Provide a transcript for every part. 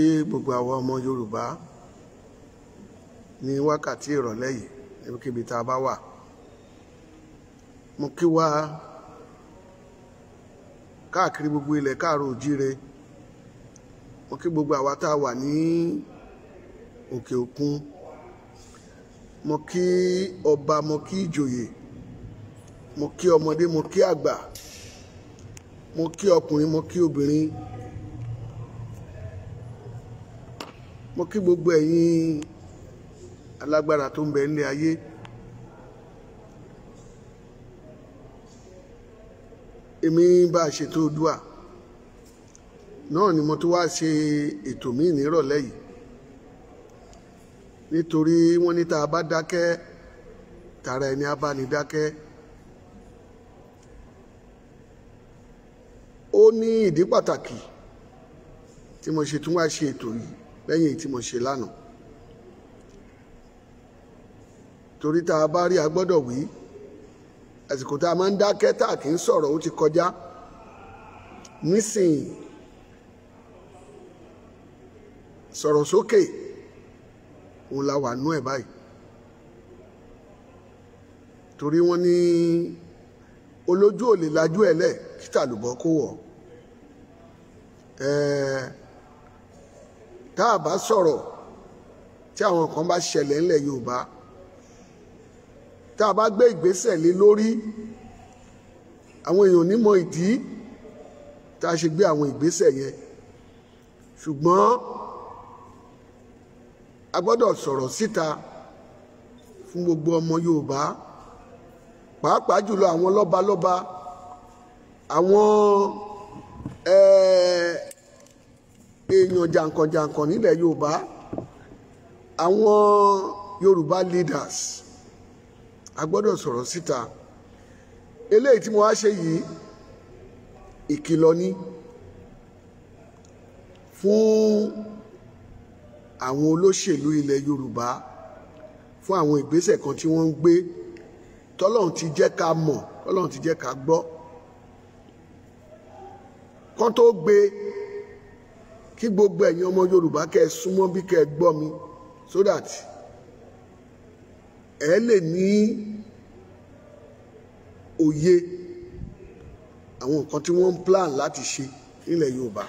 sí gbogbo àwọn ọmọ Yorùbá ní wákàtí ìrọ̀lẹ́ yìí níbikíbi tá a bá wà mo kí wá káàkiri gbogbo ilẹ̀ káàró òjíire mo kí gbogbo àwa tá a wà ní òkè òkun mo kí ọba mo kí ìjòyè mo kí ọmọdé mo kí àgbà mo kí ọkùnrin mo kí obìnrin mo kí gbogbo ẹ̀yin alágbára tó ń bẹ nílé ayé èmi bá a ṣètò dùà náà ni mo tún wá ṣe ètò míì nírọ̀lẹ́ yìí nítorí wọ́n ní tá a bá dákẹ́ tara ẹni a bá ní dákẹ́ ó ní ìdí pàtàkì tí mo ṣe tún wá ṣe ètò yìí lẹ́yìn tí mo ṣe lánàá torí tá a bá rí a gbọ́dọ̀ wí àsìkò tá a máa ń dákẹ́ tá a kì í sọ̀rọ̀ ó ti kọjá nísìnyí sọ̀rọ̀ sókè òun la wà nú ẹ̀ báyìí torí wọ́n ní olójú ò lè lajú ẹ̀ lẹ̀ kí tàlùbọ́ kó wọ̀ ẹ́ẹ́ tá a bá sọ̀rọ̀ tí àwọn kan bá ṣẹlẹ̀ ńlẹ̀ Yorùbá tá a bá gbé ìgbésẹ̀ lé lórí àwọn èèyàn onímọ̀ ìdí tá a ṣe gbé àwọn ìgbésẹ̀ yẹn ṣùgbọ́n a gbọ́dọ̀ sọ̀rọ̀ síta fún gbogbo ọmọ Yorùbá pàápàá jùlọ àwọn lọ́balọ́ba àwọn ẹ̀ẹ́ èèyàn jàǹkànjàǹkàn nílẹ̀ yorùbá àwọn yorùbá leaders a gbọ́dọ̀ sọ̀rọ̀ síta eléyìí tí mo wá ṣe yìí ìkìlọ̀ ni fún àwọn olóṣèlú ilẹ̀ yorùbá fún àwọn ìgbésẹ̀ kan tí wọ́n ń gbé tọ́lọ́run ti jẹ́ ká mọ̀ tọ́lọ́run ti jẹ́ ká gbọ́ kán tó gbé kí gbogbo ẹ̀yin ọmọ yorùbá kẹ́ ẹ súnmọ́ bí kẹ́ ẹ gbọ́ mi so that ẹ lè ní òye àwọn nǹkan tí wọ́n ń plan láti ṣe nílẹ̀ yorùbá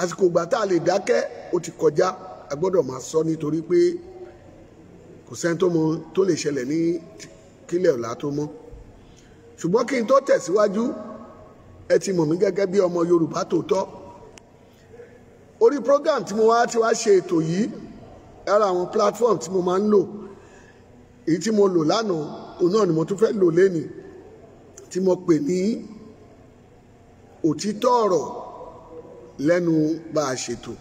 àsìkò ìgbà tá a lè dákẹ́ ó ti kọjá a gbọ́dọ̀ máa sọ nítorí pé kò sẹ́ni tó lè ṣẹlẹ̀ ní kílẹ̀ ọ̀la tó mọ́ ṣùgbọ́n kí n tó tẹ̀síwájú ẹ ti mọ̀ mí gẹ́gẹ́ bí ọmọ yorùbá tòótọ́ orí program tí mo wá ti wá ṣe ètò yìí ara àwọn platform tí mo máa ń lò èyí tí mo lò lánàá òun náà ni mo tún fẹ́ lò lénìí tí mo pè ní òtítọ́ ọ̀rọ̀ lẹ́nu bá a ṣètò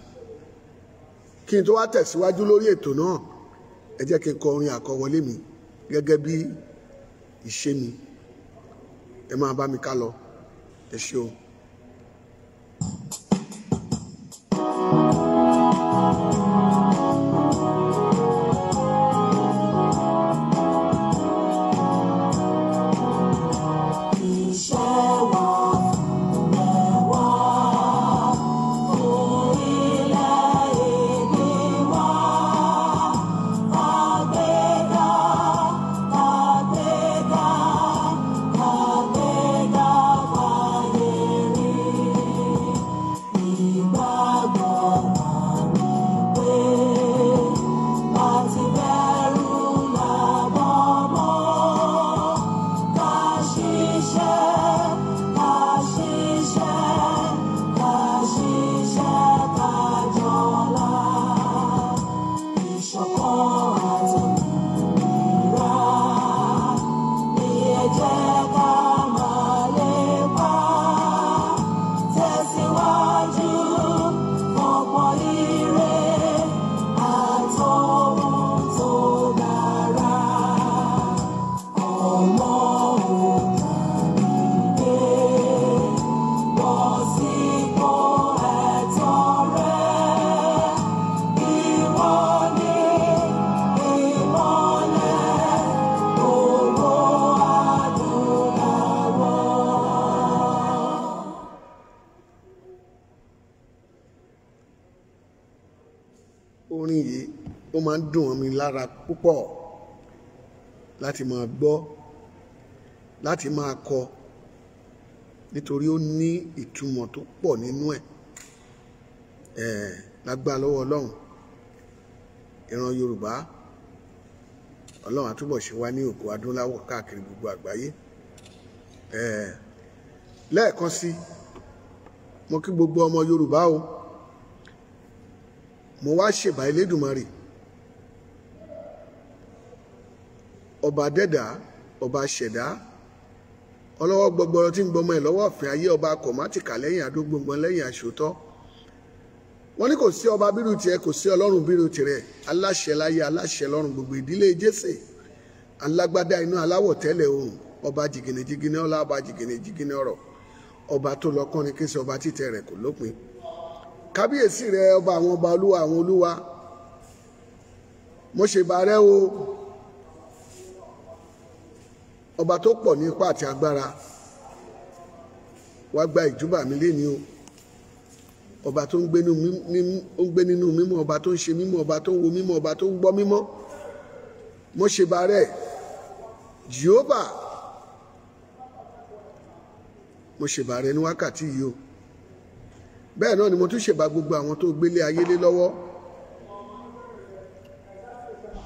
kí n tó wá tẹ̀síwájú lórí ètò náà ẹ jẹ́ kí n kọ orin àkọwọlé mi gẹ́gẹ́ bí ìṣe mi ẹ máa bá mi ká lọ ẹ ṣeun. máa ń dùn mí lára púpọ̀ láti máa gbọ́ láti máa kọ nítorí ó ní ìtumọ̀ tó pọ̀ nínú ẹ̀ ẹ̀ lágbá lọ́wọ́ ọlọ́run ìran yorùbá ọlọ́run àtúbọ̀ ṣe wá ní òkú adúláwọ̀ káàkiri gbogbo àgbáyé lẹ́ẹ̀kan sí mo kí gbogbo ọmọ yorùbá o mo wá ṣèbà elédùnmarè ọba dẹ́dà ọba ṣẹ̀dá ọlọ́wọ́ gbọgbọrọ tí ń gbọmọ ẹ̀ lọ́wọ́ ọ̀fìn ayé ọba kọ̀mátìkà lẹ́yìn adógbòǹgbọ̀n lẹ́yìn àṣòótọ́ wọ́n ní kò sí ọba bírù tiẹ̀ kò sí ọlọ́run bírù tirẹ̀ aláṣẹ láyé aláṣẹ lọ́run gbogbo ìdílé jésè alágbádá inú aláwọ̀ tẹ́lẹ̀ oòrùn ọba jìgìnìjìgìnì ọlá ọba jìgìnìjìgìnì ọ̀rọ̀ ọba tó lọ kọ́ni kí n sọ ọba títẹ̀ rẹ̀ kò lópin kábíyèsí rẹ ọba àwọn ọba olúwa àwọn olúwa mo ṣèbà rẹ o ọba tó pọ̀ ní ipá àti agbára wá gba ìjúbà mi léni o ọba tó ń gbé nínú mímọ́ ọba tó ń ṣe mímọ́ ọba tó ń wo mímọ́ ọba tó ń gbọ́ mímọ́ mo ṣe bàárẹ̀ jehova mo ṣe bàárẹ̀ ní wákàtí yìí o bẹ́ẹ̀ náà ni mo tún ṣèbà gbogbo àwọn tó gbélé ayé lé lọ́wọ́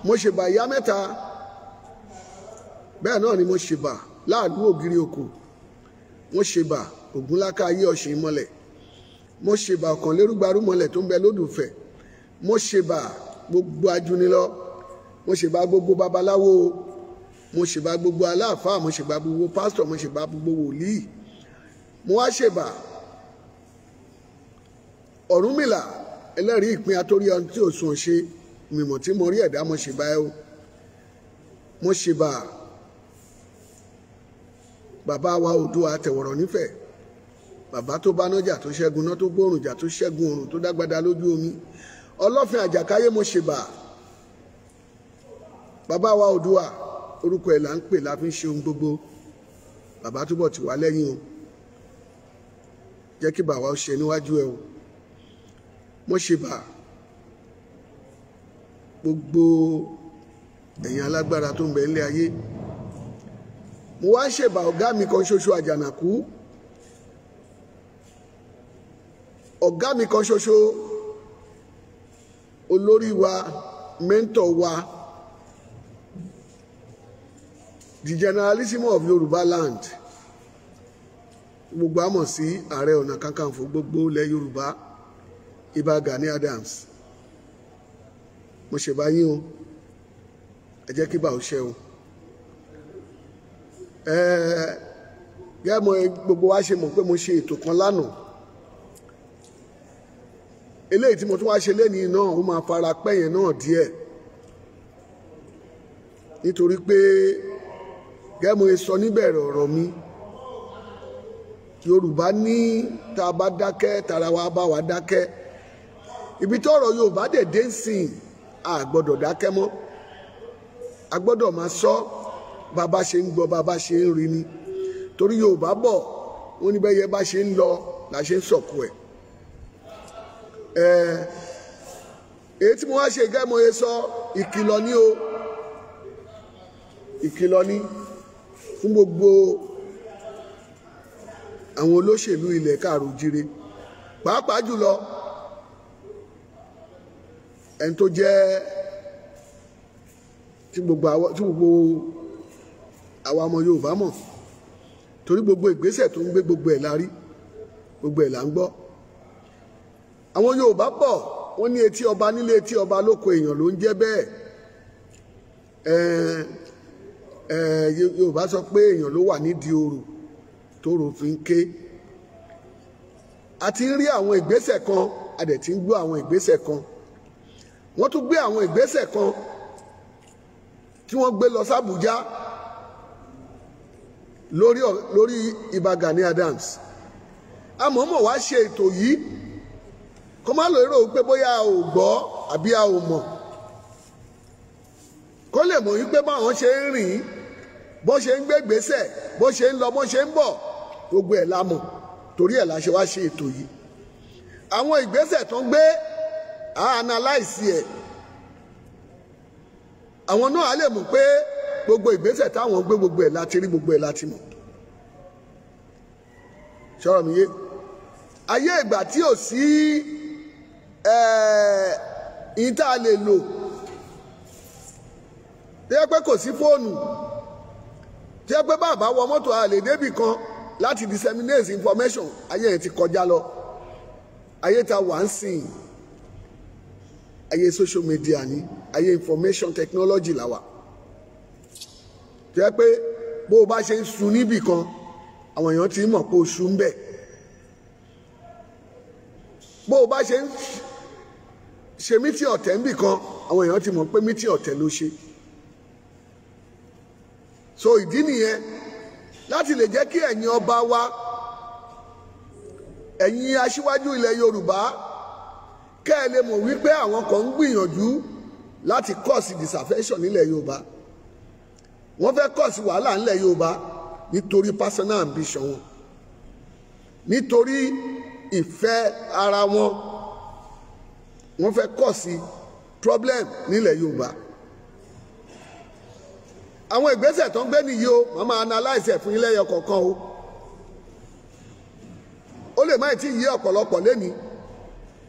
mo ṣèbà ìyá mẹ́ta bẹ́ẹ̀ náà ni mo ṣèbà láàdú ògiri òkò mo ṣèbà ògúnláka ayé ọ̀sìn ìmọ̀lẹ̀ mo ṣèbà ọ̀kan lérúgbarú mọ̀lẹ̀ tó ń bẹ lódùfẹ̀ mo ṣèbà gbogbo ajunilọ mo ṣèbà gbogbo babaláwo mo ṣèbà gbogbo aláàfáà mo ṣèbà gbogbo pásítọ̀ mo ṣèbà gbogbo wòlíì mo wá ṣèbà ọ̀rúnmìlà ẹlẹ́rìí ìpín atórí ọdún tí òsùn ṣe mímọ̀ tí mo rí ẹ̀dá mo ṣèbà ẹ o mo ṣèbà bàbá wa Oòduà àtẹ̀wọ̀rọ̀ nífẹ̀ẹ́ bàbá tó bánájà tó ṣẹ́gun náà tó gbóòrùn jà tó ṣẹ́gun òrùn tó dágbada lójú omi ọlọ́fin àjàkáyé mo ṣèbà bàbá wa Oòduà orúkọ ẹ̀ là ń pè láfi ń ṣe ohun gbogbo bàbá túbọ̀ tì wá lẹ́yìn o jẹ́ kí bàbá ó ṣe níwájú ẹ o mo ṣèbà gbogbo ẹ̀yin alágbára tó ń bẹ nílé ayé mo wá ṣèbà ọ̀gá mi kan ṣoṣo àjànàkú ọ̀gá mi kan ṣoṣo olórí wa mẹ́ńtọ̀ wa the generalissimo of Yorùbá land gbogbo àmọ̀ sí ààrẹ ọ̀nà kakanfò gbogbo ilẹ̀ Yorùbá Ìbà Gani Adams mo ṣèbá yín o ẹ jẹ́ kí bá ò ṣe o. gẹ́gẹ́ mo gbogbo wa ṣe mọ̀ pé mo ṣe ètò kan lánàá eléyìí tí mo tún wá ṣe lẹ́yìn náà ó máa fara pẹ́ yẹn náà díẹ̀ nítorí pé gẹ́gẹ́ mo sọ níbẹ̀rẹ̀ ọ̀rọ̀ mi Yorùbá ní tá a bá dákẹ́ tara wa bá wa dákẹ́ ibi tí ọ̀rọ̀ Yorùbá dẹ̀ dé ń sìn a gbọ́dọ̀ dákẹ́ mọ́ a gbọ́dọ̀ máa sọ ọ́. bàbá ṣe ń gbọ́ bàbá ṣe ń rí ni torí Yorùbá bọ̀ wọ́n ní bẹ́yẹ bá ṣe ń lọ là ṣe ń sọ̀kù ẹ̀ ẹ̀ èyí tí mo wá ṣe gẹ́mọye sọ ìkìlọ̀ ni o ìkìlọ̀ ni fún gbogbo àwọn olóṣèlú ilẹ̀ káàrò jíire pàápàá jùlọ ẹni tó jẹ́ tí gbogbo àwa ọmọ Yorùbá mọ̀ torí gbogbo ìgbésẹ̀ tó ń gbé gbogbo ẹ̀ la rí gbogbo ẹ̀ là ń gbọ́ àwọn Yorùbá pọ̀ wọ́n ní etí ọba nílé etí ọba lóko èèyàn ló ń jẹ́ bẹ́ẹ̀ Yorùbá sọ pé èèyàn ló wà nídìí oòrùn tóòrùn fi ń ké a ti ń rí àwọn ìgbésẹ̀ kan a dẹ̀ ti ń gbọ́ àwọn ìgbésẹ̀ kan wọ́n tún gbé àwọn ìgbésẹ̀ kan tí wọ́n gbé lọ sábùjá. lórí lórí Ìbà Adams amọ̀mọ̀ wá ṣe ètò yìí kó má lọ rò pé bóyá a ò gbọ́ àbí a ò mọ̀ kó lè mọ̀ wípé báwọn ṣe ń rìn bó ṣe ń gbé bó ṣe ń lọ bó ṣe ń bọ̀ gbogbo ẹ̀ torí ẹ̀ la ṣe wá ṣe ètò yìí àwọn ìgbésẹ̀ tó ń gbé ẹ̀ àwọn náà á lè gbogbo ìgbésẹ̀ táwọn gbé gbogbo ẹ̀ láti rí gbogbo ẹ̀ láti mọ̀ sọ̀rọ̀ mi yé ayé ìgbà tí ò sí ẹ̀ẹ́n eh, tá a lè lò tí yẹ pé kò sí fóònù tí yẹ pé bàbá wọ mọ́tò a lè débì kan láti disseminate information ayé yẹn ti kọjá lọ ayé ta wà ń sìn ayé social media ni ayé information technology la wà jẹ́ pé bó o bá ṣe ń sun níbì kan àwọn èèyàn ti mọ̀ pé o sun bẹ̀ bó o bá ṣe ń ṣe mítí ọ̀tẹ̀ níbì kan àwọn èèyàn ti mọ̀ pé mítí ọ̀tẹ̀ ló ṣe so ìdí nìyẹn láti lè jẹ́ kí ẹ̀yin ọba wa ẹ̀yin aṣíwájú ilẹ̀ Yorùbá kẹ́ ẹ lè mọ̀ wípé àwọn kan ń gbìyànjú láti cause disaffection nílẹ̀ Yorùbá wọ́n fẹ́ kọ́ọ̀sì wàhálà ńlẹ̀ Yorùbá nítorí personal ambition wọn nítorí ìfẹ́ ara wọn wọ́n fẹ́ kọ́ọ̀sì problem nílẹ̀ Yorùbá àwọn ìgbésẹ̀ tó ń gbé nìyí o màá máa analyse ẹ̀ fún ilé ẹyọ kọ̀ọ̀kan o ó lè má ti yí ọ̀pọ̀lọpọ̀ lẹ́ni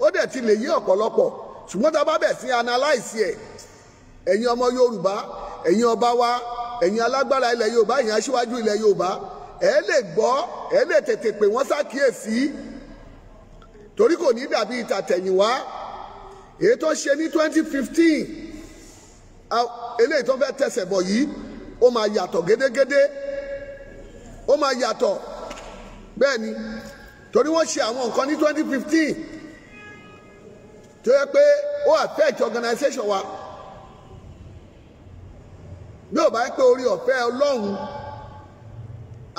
ó dẹ̀ ti lè yí ọ̀pọ̀lọpọ̀ ṣùgbọ́n tá a bá bẹ̀ sí analyse ẹ̀ ẹ̀yin ọmọ Yorùbá ẹ̀yin ọba wa ẹ̀yin alágbára ilẹ̀ yorùbá ẹ̀yin aṣíwájú ilẹ̀ yorùbá ẹ lè gbọ́ ẹ lè tètè pè wọ́n ṣàkíyèsí torí kò ní dàbí ìtàtẹ̀yìnwá èyí tó ṣe ní twenty fifteen eléyìí tó fẹ́ tẹsẹ̀ bọ̀ yìí ó máa yàtọ̀ gédégédé ó máa yàtọ̀ bẹ́ẹ̀ ni torí wọ́n ṣe àwọn nǹkan ní twenty fifteen tó yẹ pé ó affect organisation wa bí ò bá ń pé orí ọ̀fẹ́ ọlọ́run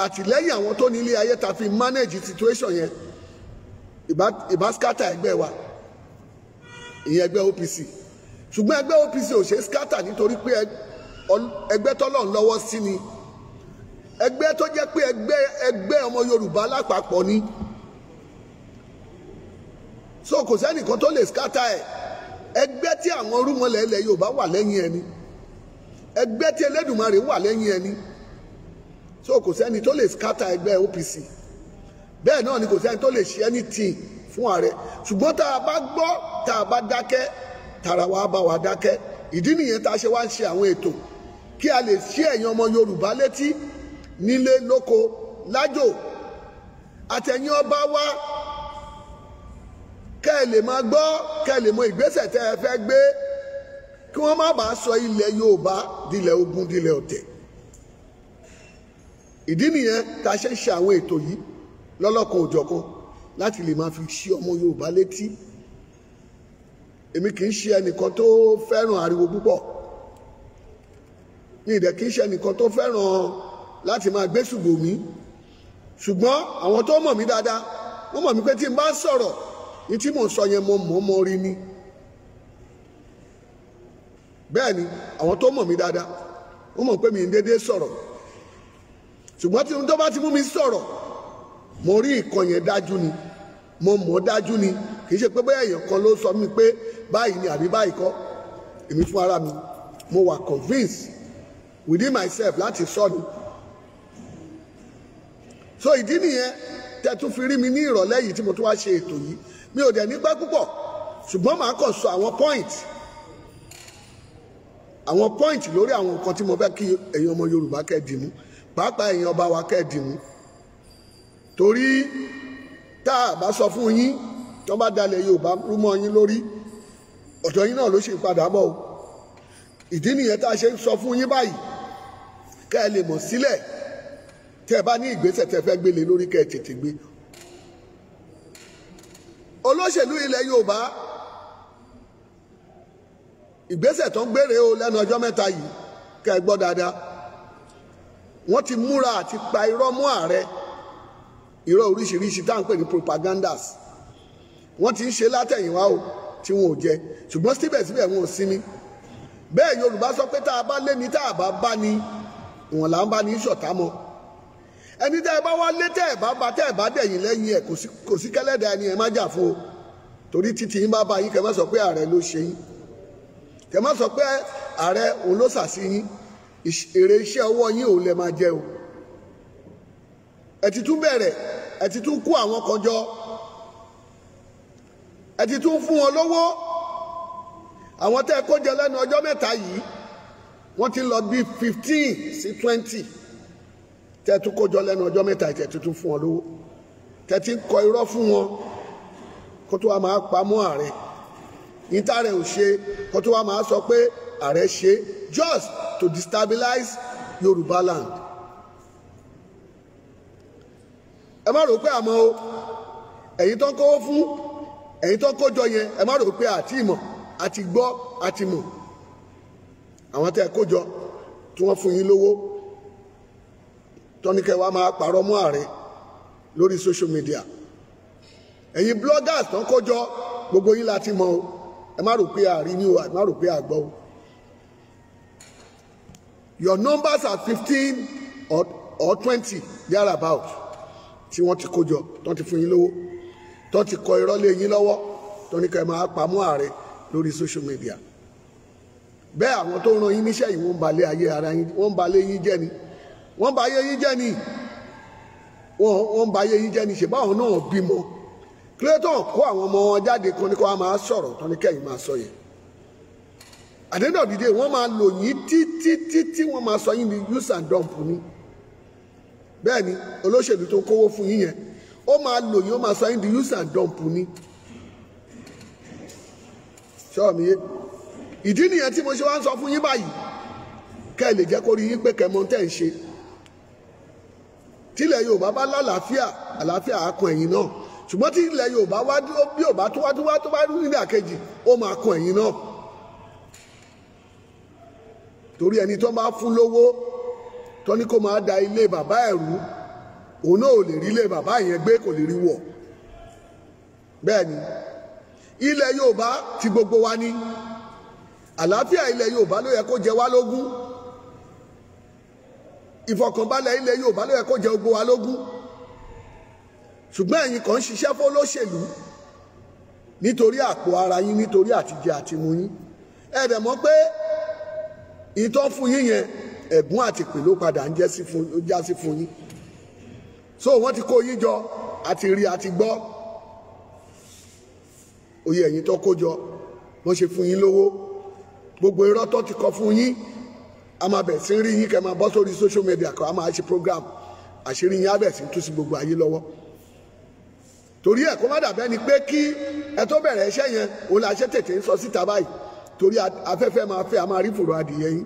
àtìlẹ́yìn àwọn tó ní ilé ayé ta fi manage situation yẹn ìbá scatter ẹgbẹ́ wa ìyẹn ẹgbẹ́ OPC ṣùgbọ́n ẹgbẹ́ OPC ò ṣe scatter nítorí pé ẹgbẹ́ tọ́lọ́run lọ́wọ́ sí ni ẹgbẹ́ tó jẹ́ pé ẹgbẹ́ ẹgbẹ́ ọmọ Yorùbá lápapọ̀ ni so kò sẹ́nìkan tó lè scatter ẹ̀ ẹgbẹ́ tí àwọn orúmọlẹ̀ ilẹ̀ Yorùbá wà lẹ́yìn ẹni ẹgbẹ́ tí Elédùmarè wà lẹ́yìn ẹni so kò sẹ́ni tó lè scatter ẹgbẹ́ OPC bẹ́ẹ̀ náà ni kò sẹ́ni tó lè ṣe anything fún ààrẹ ṣùgbọ́n tá a bá gbọ́ tá a bá dákẹ́ tara wa bá wa dákẹ́ ìdí nìyẹn tá a ṣe wá ń ṣe àwọn ètò kí a lè ṣí ẹ̀yin ọmọ Yorùbá létí nílé lóko lájò àtẹ̀yìn ọba wa kẹ́ ẹ lè máa gbọ́ kẹ́ ẹ lè mọ ìgbésẹ̀ tẹ́ ẹ fẹ́ gbé kí wọ́n má bàa sọ ilẹ̀ Yorùbá dilẹ̀ ogun dilẹ̀ ọ̀tẹ̀ ìdí nìyẹn tá a ṣe ń ṣe àwọn ètò yìí lọ́lọ́kan òjọ̀kan láti lè máa fi ṣí ọmọ Yorùbá létí èmi kì í ṣe ẹnìkan tó fẹ́ràn ariwo púpọ̀ mi ìdẹ̀ kì í ṣe ẹnìkan tó fẹ́ràn láti máa gbé ṣùgbọ́n mi ṣùgbọ́n àwọn tó mọ̀ mí dáadáa wọ́n mọ̀ mí pé tí n bá sọ̀rọ̀ ní tí mò ń sọ yẹn mo mọ̀ ọ́ mọ́ rí ni bẹ́ẹ̀ ni àwọn tó mọ̀ mí dáadáa wọ́n mọ̀ pé mi ń déédéé sọ̀rọ̀ ṣùgbọ́n tí tó bá ti mú mi sọ̀rọ̀ mo rí nǹkan yẹn dájú ni mo mọ̀ ọ́ dájú ni kì í ṣe pé bóyá èèyàn kan ló sọ mí pé báyìí ni àbí báyìí kọ́ èmi fún ara mi mo wà convinced within myself láti sọ ni so ìdí nìyẹn tẹ́tún fi rí mi ní ìrọ̀lẹ́ yìí tí mo tún wá ṣe ètò yìí mi ò dẹ̀ ní pẹ́ púpọ̀ ṣùgbọ́n màá kàn sọ àwọn point àwọn point lórí àwọn nǹkan tí mo fẹ́ kí ẹ̀yin ọmọ Yorùbá kẹ́ẹ̀dìmú pàápàá ẹ̀yin ọba wa kẹ́ẹ̀dìmú torí tá a bá sọ fún yín tó bá dalẹ̀ Yorùbá rúmọ́ yín lórí ọ̀dọ̀ yín náà ló ṣe padà bọ̀ o ìdí nìyẹn tá a ṣe ń sọ fún yín báyìí kẹ́ ẹ lè mọ̀ sílẹ̀ tẹ́ ẹ bá ní ìgbésẹ̀ tẹ́ ẹ fẹ́ gbélé lórí kẹ́ ẹ tètè gbé olóṣèlú ilẹ̀ Yorùbá ìgbésẹ̀ tó ń gbére o lẹ́nu ọjọ́ mẹ́ta yìí kẹ́ ẹ gbọ́ dáadáa wọ́n ti múra àti pa irọ́ mú ààrẹ irọ́ oríṣiríṣi tá à ń pè ní propagandas wọ́n ti ń ṣe látẹ̀yìnwá o tí wọn ò jẹ ṣùgbọ́n síbẹ̀síbẹ̀ wọn ò sinmi bẹ́ẹ̀ Yorùbá sọ pé tá a bá lé ní tá a bá bá ní ìwọ̀n là ń bá ní ṣọ̀tá mọ́ ẹni tẹ́ ẹ bá wá lé tẹ́ ẹ bá ba tẹ́ ẹ bá dẹ̀yìn lẹ́yìn ẹ̀ kò sí kẹ́lẹ́dàá ẹni ẹ má jà fún o torí títí yín bá ba yín kẹ́ má sọ pé ààrẹ ló ṣe yín kẹ má sọ pé ààrẹ òun ló sàsí yín èrè iṣẹ́ ọwọ́ yín òun lè máa jẹ o ẹ ti tún bẹ̀rẹ̀ ẹ ti tún kó àwọn kan jọ ẹ ti tún fún wọn lówó àwọn tẹ́ kó jẹ lẹ́nu ọjọ́ mẹ́ta yìí wọ́n ti lọ bí fifteen sí twenty tẹ́ ẹ tún kó jọ lẹ́nu ọjọ́ mẹ́ta yìí tẹ́ ẹ tún fún wọn lówó tẹ́ ti kọ irọ́ fún wọn kó tó wá máa pamọ́ ààrẹ ìtàrẹ̀ ò ṣe kó tó wá máa sọ pé ààrẹ ṣe just to destabilize Yorùbá land ẹ má rò pé àmọ́ o ẹ̀yin tó ń kówó fún ẹ̀yin tó ń kójọ yẹn ẹ má rò pé àti ìmọ̀ àti gbọ́ àti mọ̀ àwọn tẹ́ ẹ kójọ tí wọ́n fún yín lówó tọ́nikẹ́ wa máa pàrọ̀ mọ́ ààrẹ lórí social media ẹ̀yin bloggers tó ń kójọ gbogbo yín la mọ̀ o ẹ má rò pé àrí ni o ẹ má rò pé àgbọ̀ o your numbers are fifteen or or twenty there about tí wọ́n ti kó jọ tó ti fún yín lówó tó ti kọ irọ́ lé yín lọ́wọ́ tó ní ká ẹ máa pamọ́ ààrẹ lórí social media bẹ́ẹ̀ àwọn tó ń ran yín níṣẹ́ yìí wọ́n ń balẹ̀ ayé ara yín wọ́n ń balẹ̀ yín jẹ́ ni wọ́n ń ba yín jẹ́ ni wọ́n ń ba yín jẹ́ ni ṣe báwọn náà bímọ clayton kó àwọn ọmọ wọn jáde kan ní kó wọn máa sọ̀rọ̀ tán ní kẹ́yìn máa sọ yẹn àdéhùn òdìdé wọ́n máa lò yín títí títí wọ́n máa sọ yín ní use and dump ni bẹ́ẹ̀ ni olóṣèlú tó kówó fún yín yẹn ó máa lò yín ó máa sọ yín ní use and dump ni ṣọ́ọ̀mù yé ìdí nìyẹn tí mo ṣe wá ń sọ fún yín báyìí kẹ́ ẹ lè jẹ́ kó rí yín pé kẹ́mọ́ tẹ̀ ń ṣe tílẹ̀ Yorùbá bá lálàáfíà àlàáfíà á ẹ̀yìn náà ṣùgbọ́n tí ilẹ̀ Yorùbá wá dúró bí Yorùbá tó wá tó wá tó bá rí nílẹ̀ àkejì ó máa kan ẹ̀yìn náà torí ẹni tó máa fún lówó tó ní kó máa da ilé bàbá ẹ̀ òun náà ò lè rí ilé bàbá yẹn gbé kò lè rí wọ̀ bẹ́ẹ̀ ni ilẹ̀ Yorùbá ti gbogbo wa ní àlàáfíà ilẹ̀ Yorùbá ló yẹ kó jẹ wá lógún ìfọ̀kànbalẹ̀ ilẹ̀ Yorùbá ló yẹ kó jẹ gbogbo wa lógún ṣùgbọ́n ẹ̀yin kan ń ṣiṣẹ́ fọlọ́ṣèlú nítorí àpò ara yín nítorí àtijẹ àtimu yín ẹ dẹ̀ mọ̀ pé ìtọ́ fún yín yẹn ẹ̀bùn àtìpè ló padà ń já sí fún yín so wọ́n ti kó yín jọ àti rí àti gbọ́ oyè ẹ̀yin tó kó jọ wọ́n ṣe fún yín lówó gbogbo irọ́ tó ti kọ fún yín a máa bẹ̀ sí rí yín kẹ́ máa bọ́ sórí social media kan a máa ṣe program àṣírí yín á bẹ̀ sí tú sí gbogbo ayé lọ́wọ́ torí ẹ̀ kó má dàbẹ́ ni pé kí ẹ tó bẹ̀rẹ̀ iṣẹ́ yẹn òun la ṣe tètè ń sọ síta báyìí torí afẹ́fẹ́ máa fẹ́ a máa rí fòrò adìyẹ yín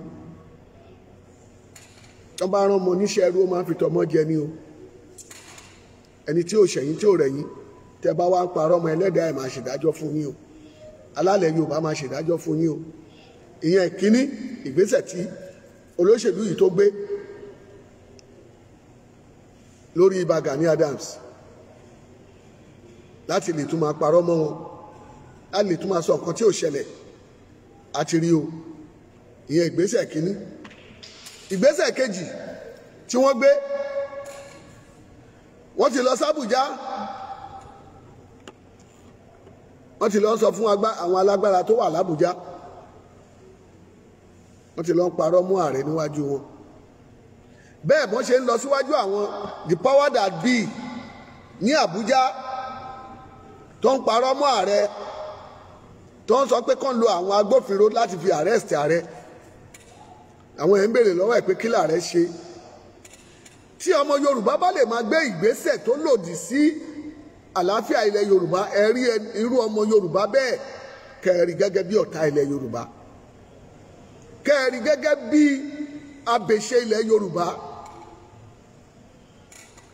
tó bá rán ọmọ oníṣẹ́ ẹrú ó máa fi tọmọ jẹ ni o ẹni tí ò ṣẹ̀yìn tí ò rẹ̀yìn tẹ́ bá wá ń parọ́ ọmọ ẹlẹ́dàá ẹ̀ máa ṣèdájọ́ fún yín o alálẹ̀ Yorùbá máa ṣèdájọ́ fún yín o ìyẹn kínní ìgbésẹ̀ tí olóṣèlú yìí tó gbé lórí ibà Gani Adams láti lè tún máa parọ́ mọ́ wọn láti lè tún máa sọ nǹkan tí ò ṣẹlẹ̀ àti rí o ìyẹn ìgbésẹ̀ kínní ìgbésẹ̀ kejì tí wọ́n gbé wọ́n ti lọ sábùjá wọ́n ti lọ sọ fún àwọn alágbára tó wà lábùjá wọ́n ti lọ parọ́ mú ààrẹ níwájú wọn bẹ́ẹ̀ bọ́n ṣe ń lọ síwájú àwọn the power that be ní Àbújá tó ń parọ́ mọ́ ààrẹ tó ń sọ pé kàn lo àwọn agbófinró láti fi àrẹ́sì ààrẹ àwọn èèyàn ń béèrè lọ́wọ́ ẹ̀ pé kí làárẹ̀ ṣe tí ọmọ Yorùbá bá lè máa gbé ìgbésẹ̀ tó lòdì sí àlàáfíà ilẹ̀ Yorùbá ẹ rí irú ọmọ Yorùbá bẹ́ẹ̀ kẹrì gẹ́gẹ́ bí ọ̀tá ilẹ̀ Yorùbá kẹrì gẹ́gẹ́ bí abèṣe ilẹ̀ Yorùbá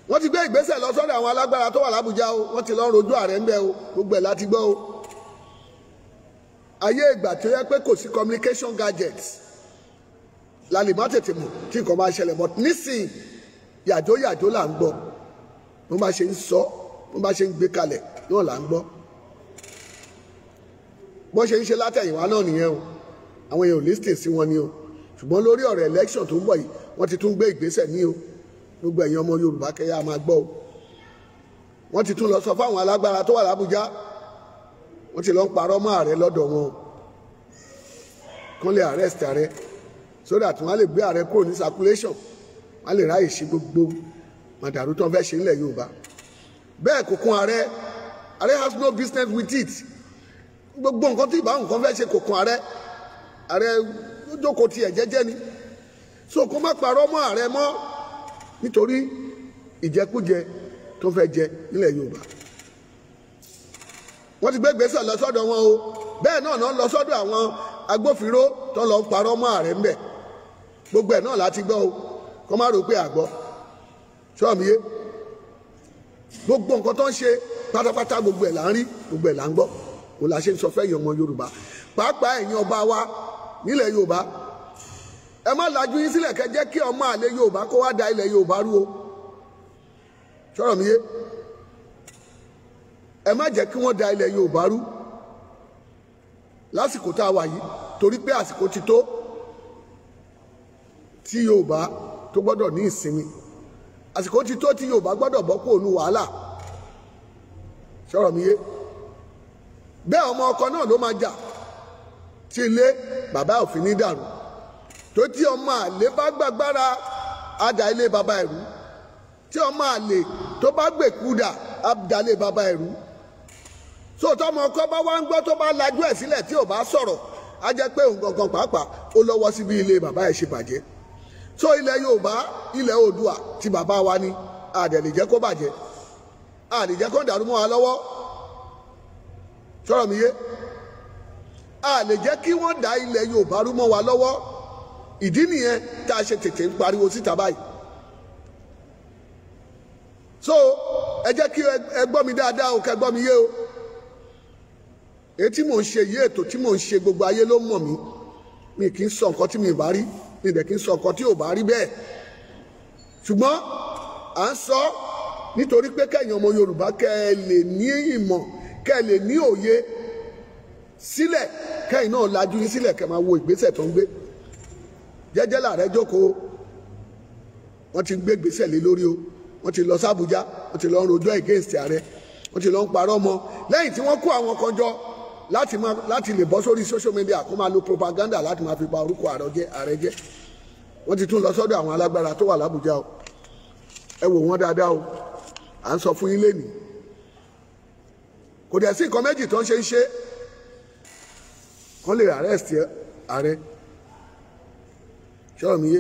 wọ́n ti gbé ìgbésẹ̀ lọ sọ́dọ̀ àwọn alágbára tó wà lábújá o wọ́n ti lọ rojú ààrẹ ń bẹ o gbogbo ẹ̀ láti gbọ́ o ayé ìgbà tó yẹ pé kò sí communication gadget la lè má tètè mọ̀ tí nǹkan máa ṣẹlẹ̀ mọ́ nísìnyí yàjó yàjó là ń gbọ́ bó bá ṣe ń sọ bó bá ṣe ń gbé kalẹ̀ náà là ń gbọ́ bó ṣe ń ṣe látẹ̀yìnwá náà nìyẹn o àwọn èèyàn ò lè sìn sí wọn ni o ṣùgbọ́n lórí ọ̀rọ̀ election tó ń bọ̀ yìí wọ́n ti tún gbé ìgbésẹ̀ ní o gbogbo ẹ̀yin ọmọ Yorùbá kẹ́yà máa gbọ́ o wọ́n ti tún lọ sọ fáwọn alágbára tó wà lábújá wọ́n ti lọ ń parọ́ mọ́ ààrẹ lọ́dọ̀ wọn kán lè arrest ààrẹ so that wọ́n á lè gbé ààrẹ kúrò ní circulation wọ́n á lè ráyè ṣe gbogbo màdàrú tó ń fẹ́ ṣe nílẹ̀ Yorùbá bẹ́ẹ̀ kò kún ààrẹ ààrẹ has no business with it gbogbo nǹkan tí ìbáwọn nǹkan fẹ́ ṣe kò kún ààrẹ ààrẹ jókòó tiẹ̀ jẹ́jẹ́ ni so kó má parọ́ mọ́ ààrẹ mọ́ nítorí ìjẹkújẹ tó fẹ́ jẹ nílẹ̀ Yorùbá wọ́n ti gbé gbèsè lọ sọ́dọ̀ wọn o bẹ́ẹ̀ náà náà lọ sọ́dọ̀ àwọn agbófinró tó lọ ń parọ́ mọ́ ààrẹ ńbẹ̀ gbogbo ẹ̀ náà láti gbọ́ o kó má rò pé àgbọ́ sọ́ọ̀mìyé gbogbo nǹkan tó ń ṣe pátápátá gbogbo ẹ̀ là ń rí gbogbo ẹ̀ là ń gbọ́ kò là ṣe ń sọ fẹ́ yọ̀ ọmọ Yorùbá pàápàá ẹ̀yin ọba wa nílẹ̀ Yorùbá ẹ má lajú yín sílẹ̀ kẹ́ jẹ́ kí ọmọ àlè Yorùbá kó wá da ilẹ̀ Yorùbá rú o sọ̀rọ̀ mi yé ẹ má jẹ́ kí wọ́n da ilẹ̀ Yorùbá rú lásìkò tá a wà yìí torí pé àsìkò ti tó tí Yorùbá tó gbọ́dọ̀ ní ìsinmi àsìkò ti tó tí Yorùbá gbọ́dọ̀ bọ́ kó ònú wàhálà sọ̀rọ̀ mi yé bẹ́ẹ̀ ọmọ ọkọ náà ló máa jà tí ilé bàbá òfin ní dàrú tó tí ọmọ àlè bá gbàgbára àdá ilé baba ẹ̀rú tí ọmọ àlè tó bá gbèkúdà àdá ilé baba ẹ̀rú so tọmọ ọkọ bá wá ń gbọ́ tó bá lajú ẹ̀ sílẹ̀ tí ò bá sọ̀rọ̀ á jẹ́ pé òun gangan pàápàá ó lọ́wọ́ síbi ilé baba ẹ̀ ṣe bàjẹ́ so ilẹ̀ Yorùbá ilẹ̀ Oòduà ti bàbá wa ni àdẹ̀lẹ̀ jẹ́ kó bàjẹ́ àdẹ̀jẹ́ kó dàrú mọ́ wa lọ́wọ́ sọ̀rọ̀ mi yé àlè jẹ́ kí wọ́n dá ilẹ̀ Yorùbá rú mọ́ wa lọ́wọ́ ìdí nìyẹn tá a ṣe tètè ń pariwo síta báyìí so ẹ jẹ́ kí ẹ gbọ́ mi dáadáa o kẹ gbọ́ mi yé o èyí tí mò ń ṣe yìí ètò tí mò ń ṣe gbogbo ayé ló mọ̀ mí mi kì í sọ nǹkan tí mi bá rí mi dẹ̀ kì í sọ nǹkan tí ò bá rí bẹ́ẹ̀ ṣùgbọ́n à ń sọ nítorí pé kẹ́yìn ọmọ Yorùbá kẹ́ ẹ lè ní ìmọ̀ kẹ́ ẹ lè ní òye sílẹ̀ kẹ́yìn náà lajú sílẹ̀ kẹ́ máa wo ìgbésẹ̀ tó ń gbé jẹ́jẹ́ làrẹ jókòó wọ́n ti gbé gbèsè lé lórí o wọ́n ti lọ sàbújá wọ́n ti lọ rojọ́ against ààrẹ wọ́n ti lọ ń parọ́ mọ́ lẹ́yìn tí wọ́n kó àwọn kan jọ láti máa láti lè bọ́ sórí social media kó máa lo propaganda láti máa fi ba orúkọ ààrẹ jẹ́ wọ́n ti tún lọ sọ́dọ̀ àwọn alágbára tó wà lábújá o ẹ wò wọ́n dáadáa o à ń sọ fún yín lénìí kò dẹ̀ sí nǹkan méjì tó ń ṣe ń ṣe kán lè arrest ààrẹ ṣọ́ọ̀ mi yé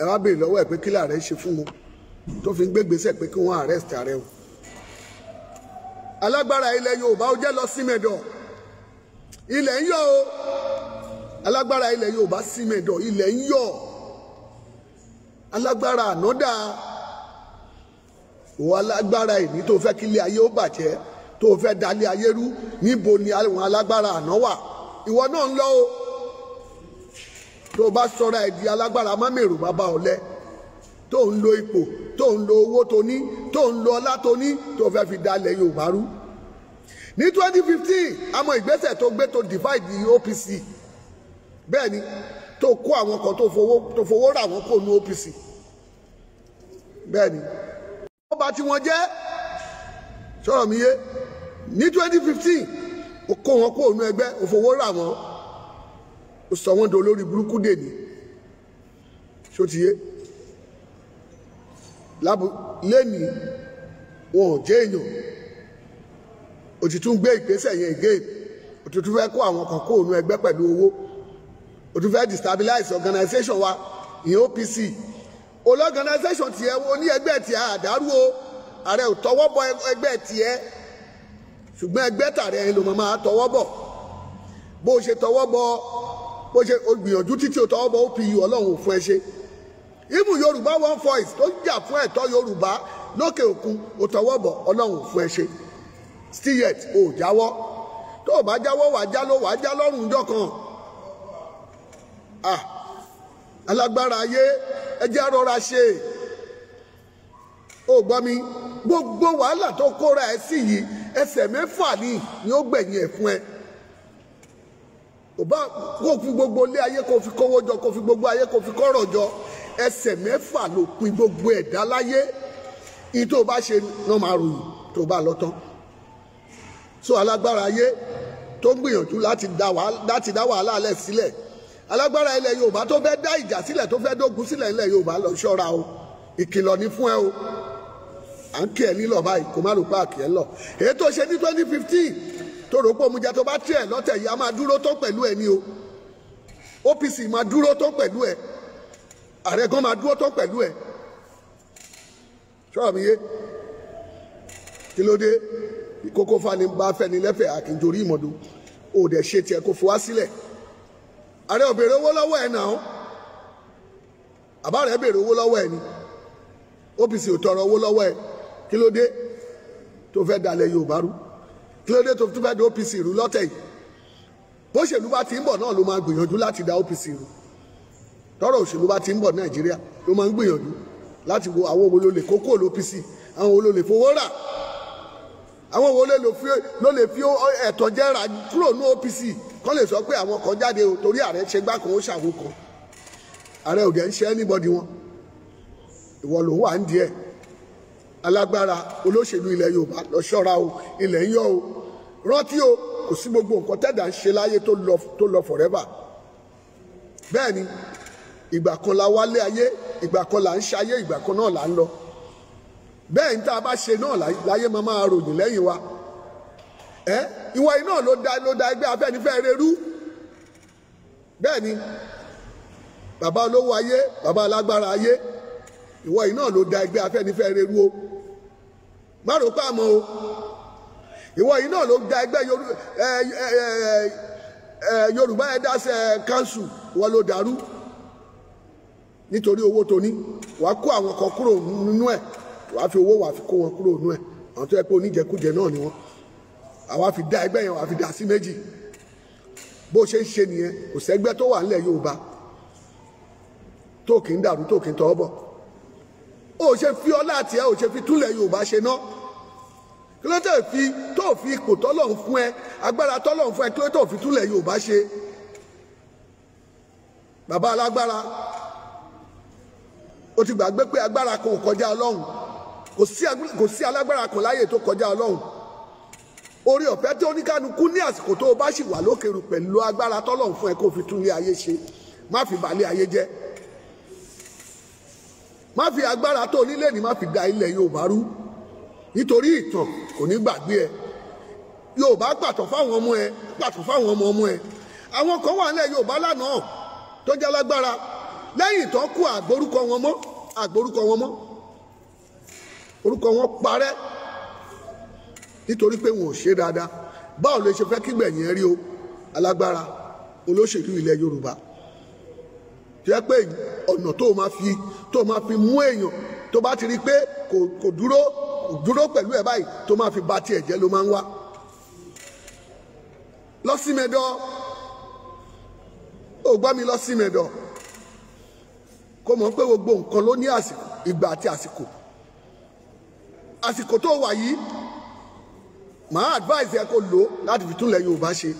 ẹ wá béèrè lọ́wọ́ ẹ̀ pé kí làárẹ̀ ṣe fún wọn tó fi ń gbégbèsè pé kí wọ́n arrest ààrẹ o alágbára ilẹ̀ yorùbá ó jẹ́ lọ sí mẹ́dọ̀ ilẹ̀ ń yọ̀ o alágbára ilẹ̀ yorùbá sí mẹ́dọ̀ ilẹ̀ ń yọ̀ alágbára ànádà òun alágbára ìní tó fẹ́ kí ilé ayé ó bàjẹ́ tó fẹ́ dalé ayé rú níbo ni àwọn alágbára àná wà ìwọ náà ń lọ o tó o bá sọra ẹ̀ di alágbára má mèrò bàbá ọ̀lẹ tó ń lo ipò tó ń lo owó tó ní tó ń lo ọlá tó ní tó fẹ́ fi dalẹ̀ Yorùbá rú ní 2015 àmọ́ ìgbésẹ̀ tó gbé tó divide the OPC bẹ́ẹ̀ ni tó kó àwọn kan tó fowó tó fowó rà wọ́n kó nu OPC bẹ́ẹ̀ ni ó bà tiwọn jẹ́ sọ̀rọ̀ mi yé ní 2015 ó kó wọn kó nu ẹgbẹ́ ó rà wọ́n ó sọ wọ́n di olórí burúkú dèní ṣó ti yé lábù lẹ́ni wọn ò jẹ́ èèyàn òtítún gbé ìgbésẹ̀ yẹn again òtítún fẹ́ kó àwọn kan kó òun ẹgbẹ́ pẹ̀lú owó òtún fẹ́ destabilize organization wa ìyẹn OPC organization tiẹ̀ wo ní ẹgbẹ́ tiẹ̀ àdárú o ààrẹ ò tọwọ́ bọ ẹgbẹ́ tiẹ̀ ṣùgbọ́n ẹgbẹ́ tààrẹ ẹ̀ ló máa tọwọ́ bọ̀ bó o ṣe tọwọ́ bọ bó ṣe o gbìyànjú títí o tọwọ́ bọ opu ọlọ́run fún ẹ ṣe ibu yorùbá one voice tó jà fún ẹ̀tọ́ yorùbá lókè òkun o tọwọ́ bọ ọlọ́run fún ẹ ṣe still yet o jáwọ́ tó o bá jáwọ́ wàá já ló wàá já lọ́rùn jọ kan ah alágbára ayé ẹ jẹ́ rọra ṣe o gbọ́ mi gbogbo wàhálà tó kóra ẹ sí yìí ẹsẹ̀ mẹ́fà ni ni ó gbẹ̀yìn ẹ̀ fún ẹ kò bá kó fi gbogbo ilé ayé kó fi kówó jọ kó fi gbogbo ayé kó fi kọ́rọ̀ jọ ẹsẹ̀ mẹ́fà ló pin gbogbo ẹ̀dá láyé ìyí tó bá ṣe náà máa ròyìn tó bá lọ tán so alágbára ayé tó ń gbìyànjú láti dá wàhálà alẹ́ sílẹ̀ alágbára ilẹ̀ Yorùbá tó fẹ́ dá ìjà sílẹ̀ tó fẹ́ dógun sílẹ̀ ilẹ̀ Yorùbá lọ ṣọ́ra o ìkìlọ̀ ní fún ẹ o à ń kí ẹ nílọ báyìí kó má lò pé ẹ lọ èyí tó ṣe ní twenty fifteen tó rò pé omijé tó bá tiẹ̀ lọ́tẹ̀ yìí a máa dúró tán pẹ̀lú ẹ ni o OPC máa dúró tán pẹ̀lú ẹ ààrẹ gan máa dúró tán pẹ̀lú ẹ ṣọ́ọ̀mù yé kí ló dé kókó fani bá fẹ́ni lẹ́fẹ̀ẹ́ àkìnjorí ìmọ̀dó ò dẹ̀ ṣe tiẹ̀ kó fowá sílẹ̀ ààrẹ ò béèrè owó lọ́wọ́ ẹ̀ náà àbá rẹ̀ béèrè owó lọ́wọ́ ẹ̀ ni OPC ò tọrọ owó lọ́wọ́ ẹ̀ kí ló dé tó fẹ́ dalẹ̀ Yorùbá rú kí ló dé tó tún fẹ́ da OPC rú lọ́tẹ̀ yìí bó ṣèlú bá ti ń bọ̀ náà ló máa gbìyànjú láti da OPC rú tọ́rọ̀ òṣèlú bá ti ń bọ̀ Nàìjíríà ló máa ń gbìyànjú láti wo àwọn wo ló lè kókó l'OPC àwọn wo ló lè fowó rà àwọn wo ló lè fi ẹ̀tọ́ jẹ́ rà kúrò ní OPC kán lè sọ pé àwọn kan jáde o torí ààrẹ ṣe gbá kan ó ṣàwọn kan ààrẹ ò dẹ̀ ń ṣe anybody wọn ìwọ ló wà ń díẹ̀ alágbára olóṣèlú ilẹ̀ yorùbá lọ ṣọ́ra o ilẹ̀ ń yọ o rántí o kò sí gbogbo nǹkan tẹ̀dá ń ṣe láyé tó lọ forever bẹ́ẹ̀ ni ìgbà kan la wálé ayé ìgbà kan là ń ṣayé ìgbà kan náà là ń lọ bẹ́ẹ̀ ní tá a bá ṣe náà láyé máa máa ròyìn lẹ́yìn wa ẹ ìwọ iná ló da ló da ẹgbẹ́ afẹ́nifẹ́re rú bẹ́ẹ̀ ni bàbá olówó ayé bàbá alágbára ayé ìwọ yìí náà ló da ẹgbẹ́ afẹ́nifẹ́re rú o má rò pa àmọ́ o ìwọ yìí náà ló da ẹgbẹ́ Yorùbá ẹ̀dásẹ̀ kanṣu ìwọ ló dàrú nítorí owó tó ní wàá kó àwọn kan kúrò nínú ẹ̀ wàá fi owó wàá fi kó wọn kúrò nínú ẹ̀ àwọn tó yẹ pé oníjẹkújẹ náà ni wọ́n àwa fi da ẹgbẹ́ yẹn wàá fi dà sí méjì bó ṣe ń ṣe nìyẹn kò sẹ́gbẹ́ tó wà nílẹ̀ Yorùbá tó kì í dàrú tó kì í tọ́ bọ̀ o ò ṣe fi ọlá àti ẹ ò ṣe fi túlẹ̀ Yorùbá ṣe ná kí ló tẹ̀ fi tó fi ipò tọ́lọ́run fún ẹ agbára tọ́lọ́run fún ẹ kí ló tẹ̀ fi túlẹ̀ Yorùbá ṣe bàbá alágbára o ti gbàgbé pé agbára kan ò kọjá Ọlọ́run kò sí alágbára kan láyè tó kọjá Ọlọ́run orí ọ̀fẹ́ tí oníkanukú ní àsìkò tó o bá sì wà lókèrú pẹ̀lú agbára tọ́lọ́run fún ẹ kó fi tún ayé ṣe má fi bàlẹ́ ayé jẹ́ má fi agbára tó onílé ní má fi da ilẹ̀ yorùbá rú nítorí ìtàn kò ní gbàgbé ẹ yorùbá pàtó fáwọn ọmọ ẹ pàtó fáwọn ọmọ ọmọ ẹ àwọn kan wà nílẹ̀ yorùbá lánàá tó jẹ́ lágbára lẹ́yìn tó kú àgbórúkọ wọn mọ́ àgbórúkọ wọn mọ́ orúkọ wọn parẹ́ nítorí pé wọn ò ṣe dáadáa báwo lè ṣe fẹ́ kígbẹ̀yìn ẹ rí o alágbára olóṣèlú ilẹ̀ yorùbá jẹ́ pé ọ̀nà tó máa fi tó máa fi mú èèyàn tó bá ti rí i pé kò kò dúró kò dúró pẹ̀lú ẹ̀ báyìí tó máa fi ba tiẹ̀ jẹ́ ló máa ń wá. lọ́símẹ̀dọ́ ò gbọ́ mi lọ́símẹ̀dọ́ kó mọ̀ pé gbogbo nǹkan ló ní àsìkò ìgbà àti àsìkò àsìkò tó wà yìí màá advise ẹ kó lò láti fi túnlẹ̀ Yorùbá ṣe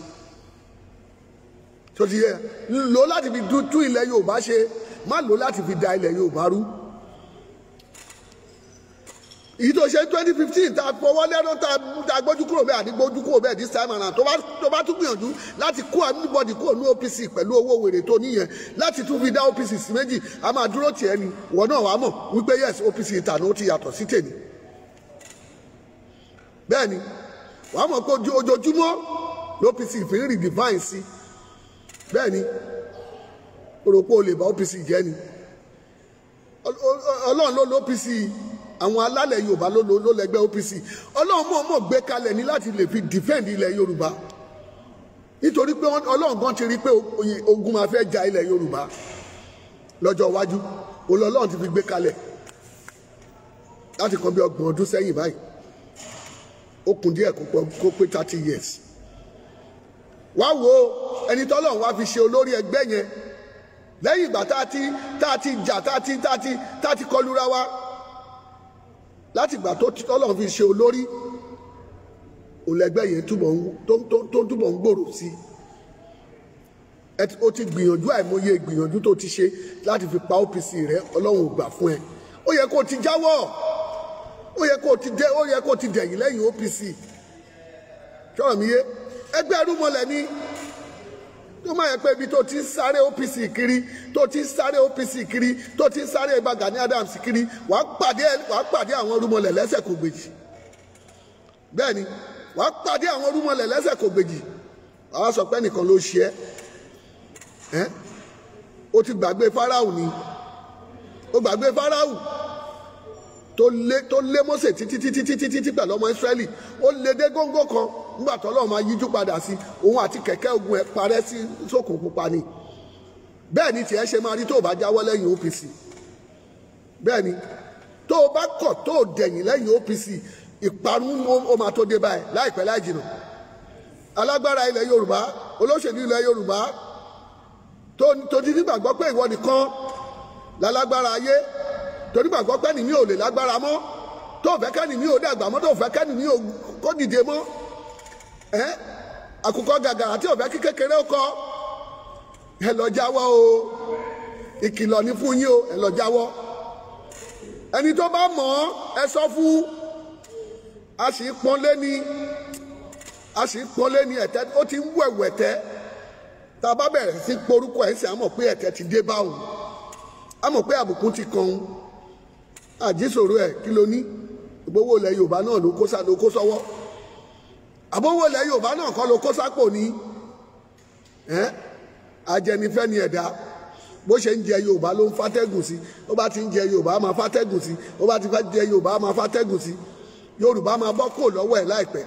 tó ti yẹ lò láti fi tún ilẹ̀ Yorùbá ṣe má lò láti fi da ilẹ̀ Yorùbá rú èyí tó ṣe twenty fifteen ta fọwọ́ lẹ́rọ ta gbójú kúrò bẹ́ẹ̀ àti gbójú kúrò bẹ́ẹ̀ this time around tó bá tún gbìyànjú láti kó anybody kúrò ní OPC pẹ̀lú owó wèrè tó níyẹn láti tún fi dá OPC sí méjì a máa dúró tiẹ̀ ni wọ́n náà wàá mọ̀ wípé yes OPC ìtànà ó ti yàtọ̀ sí tèmi bẹ́ẹ̀ ni wàá mọ̀ pé ojoojúmọ́ l'OPC fi ń redefine sí i bẹ́ẹ̀ ni òròpó olè bá OPC jẹ́ ni ọlọ́run ló lo OPC àwọn alálẹ̀ Yorùbá ló lẹ́gbẹ́ OPC ọlọ́run mọ̀ọ́mọ̀ gbé kalẹ̀ ní láti lè fi defend ilẹ̀ Yorùbá nítorí pé ọlọ́run gan ti rí pé ogun máa fẹ́ ja ilẹ̀ Yorùbá lọ́jọ́ iwájú ọlọ́run ti fi gbé kalẹ̀ láti kan bí ọgbọ̀n ọdún sẹ́yìn báyìí ó kún díẹ̀ kó pé thirty years wá wo ẹni tọ́lọ́run wá fi ṣe olórí ẹgbẹ́ yẹn lẹ́yìn ìgbà tá a ti tá a ti jà tá a ti tá a ti tá a ti kọlura wa láti ìgbà tó tọ́lọ́run fi ṣe olórí olẹ́gbẹ́ yẹn túbọ̀ ń tó túbọ̀ ń gbòòrò sí i o ti gbìyànjú àìmọye gbìyànjú tó ti ṣe láti fi pa OPC rẹ ọlọ́run ò gbà fún ẹ ó yẹ kó o ti jáwọ́ ó yẹ kó o ti dẹ ó yẹ kó o ti dẹ̀yìn lẹ́yìn OPC ṣọ́rọ̀ mi yé ẹgbẹ́ arúmọlẹ̀ ni tó máa yẹ pé ibi tó ti ń sáré OPC kiri tó ti ń sáré OPC kiri tó ti ń sáré Ìbà Gani Adams kiri wàá pàdé wàá pàdé àwọn arúmọlẹ̀ lẹ́sẹ̀ kò gbèjì bẹ́ẹ̀ ni wàá pàdé àwọn arúmọlẹ̀ lẹ́sẹ̀ kò gbèjì wàá sọ pé nìkan ló ṣe ẹ́ ó ti gbàgbé Fáráò ni ó gbàgbé Fáráò tó lé tó lé Mósè títí títí títí títí pẹ̀lú ọmọ Ísírẹ́lì ó lé dé góńgó kan nígbà tó Ọlọ́run máa yíjú padà sí òun àti kẹ̀kẹ́ ogun ẹ̀ parẹ́ sí sókun pupa ni bẹ́ẹ̀ ni tiẹ̀ ṣe máa rí tó o bá jáwọ́ lẹ́yìn OPC bẹ́ẹ̀ ni tó o bá kọ̀ tó o dẹ̀yìn lẹ́yìn OPC ìparun ó máa tó dé báyìí láìpẹ́ láì jìnnà alágbára ilẹ̀ Yorùbá olóṣèlú ilẹ̀ Yorùbá tó ti nígbàgbọ́ pé ìwọ nìkan lálágbára ayé torí gbàgbọ́ pé nìmí ò lè lágbára mọ́ tó fẹ́ kẹ́ nìmí ò dàgbà mọ́ tó fẹ́ kẹ́ nìmí ò kó dìde mọ́ ẹ́ àkùkọ gàgàrà tí ò fẹ́ kí kékeré kọ ẹ lọ jáwọ́ o ìkìlọ̀ ní fún yín o ẹ lọ jáwọ́ ẹni tó bá mọ̀ ọ́ ẹ sọ fún a sì pọ́nlé ni a sì pọ́nlé ni ẹ̀tẹ́ ó ti ń wẹ̀wẹ̀ tẹ́ tá bá bẹ̀rẹ̀ sí porúkọ ẹ̀ ń sẹ́ àmọ̀ pé ẹ̀tẹ́ ti dé báwọn àmọ̀ pé àbùkù ti kàn án. àjísòro ah, ẹ̀ kí ló ní ilẹ̀ yorùbá náà ló kó ló kó sọ́wọ́ àbówó ilẹ̀ yorùbá náà kọ́ ló kó sápò ní ajẹnifẹ́ ẹ̀dá bó ṣe ń jẹ yorùbá ló ń fàtẹ́gùn sí ó bá ti ń jẹ yorùbá máa fàtẹ́gùn sí ó bá ti fẹ́ jẹ yorùbá máa fàtẹ́gùn sí yorùbá máa bọ́ kò lọ́wọ́ ẹ̀ láìpẹ́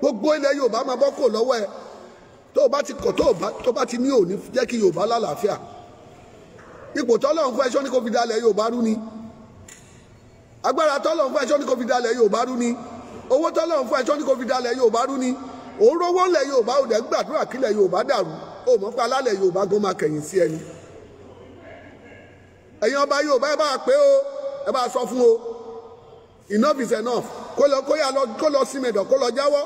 gbogbo ilẹ̀ yorùbá máa agbára tọ́lọ̀ ń fún ẹṣọ́ ní kò fi dalẹ̀ Yorùbá rú ni owó tọ́lọ̀ ń fún ẹṣọ́ ní kò fi dalẹ̀ Yorùbá rú ni òrówó ńlẹ̀ Yorùbá ò dẹ̀ gbàdúrà kílẹ̀ Yorùbá dàrú ó mọ̀ pé alálẹ̀ Yorùbá gan máa kẹ̀yìn sí ẹni ẹ̀yin ọba Yorùbá ẹ bá pé o ẹ bá sọ fún o enough is enough kó lọ kó yà lọ kó lọ símẹ̀dọ̀ kó lọ jáwọ́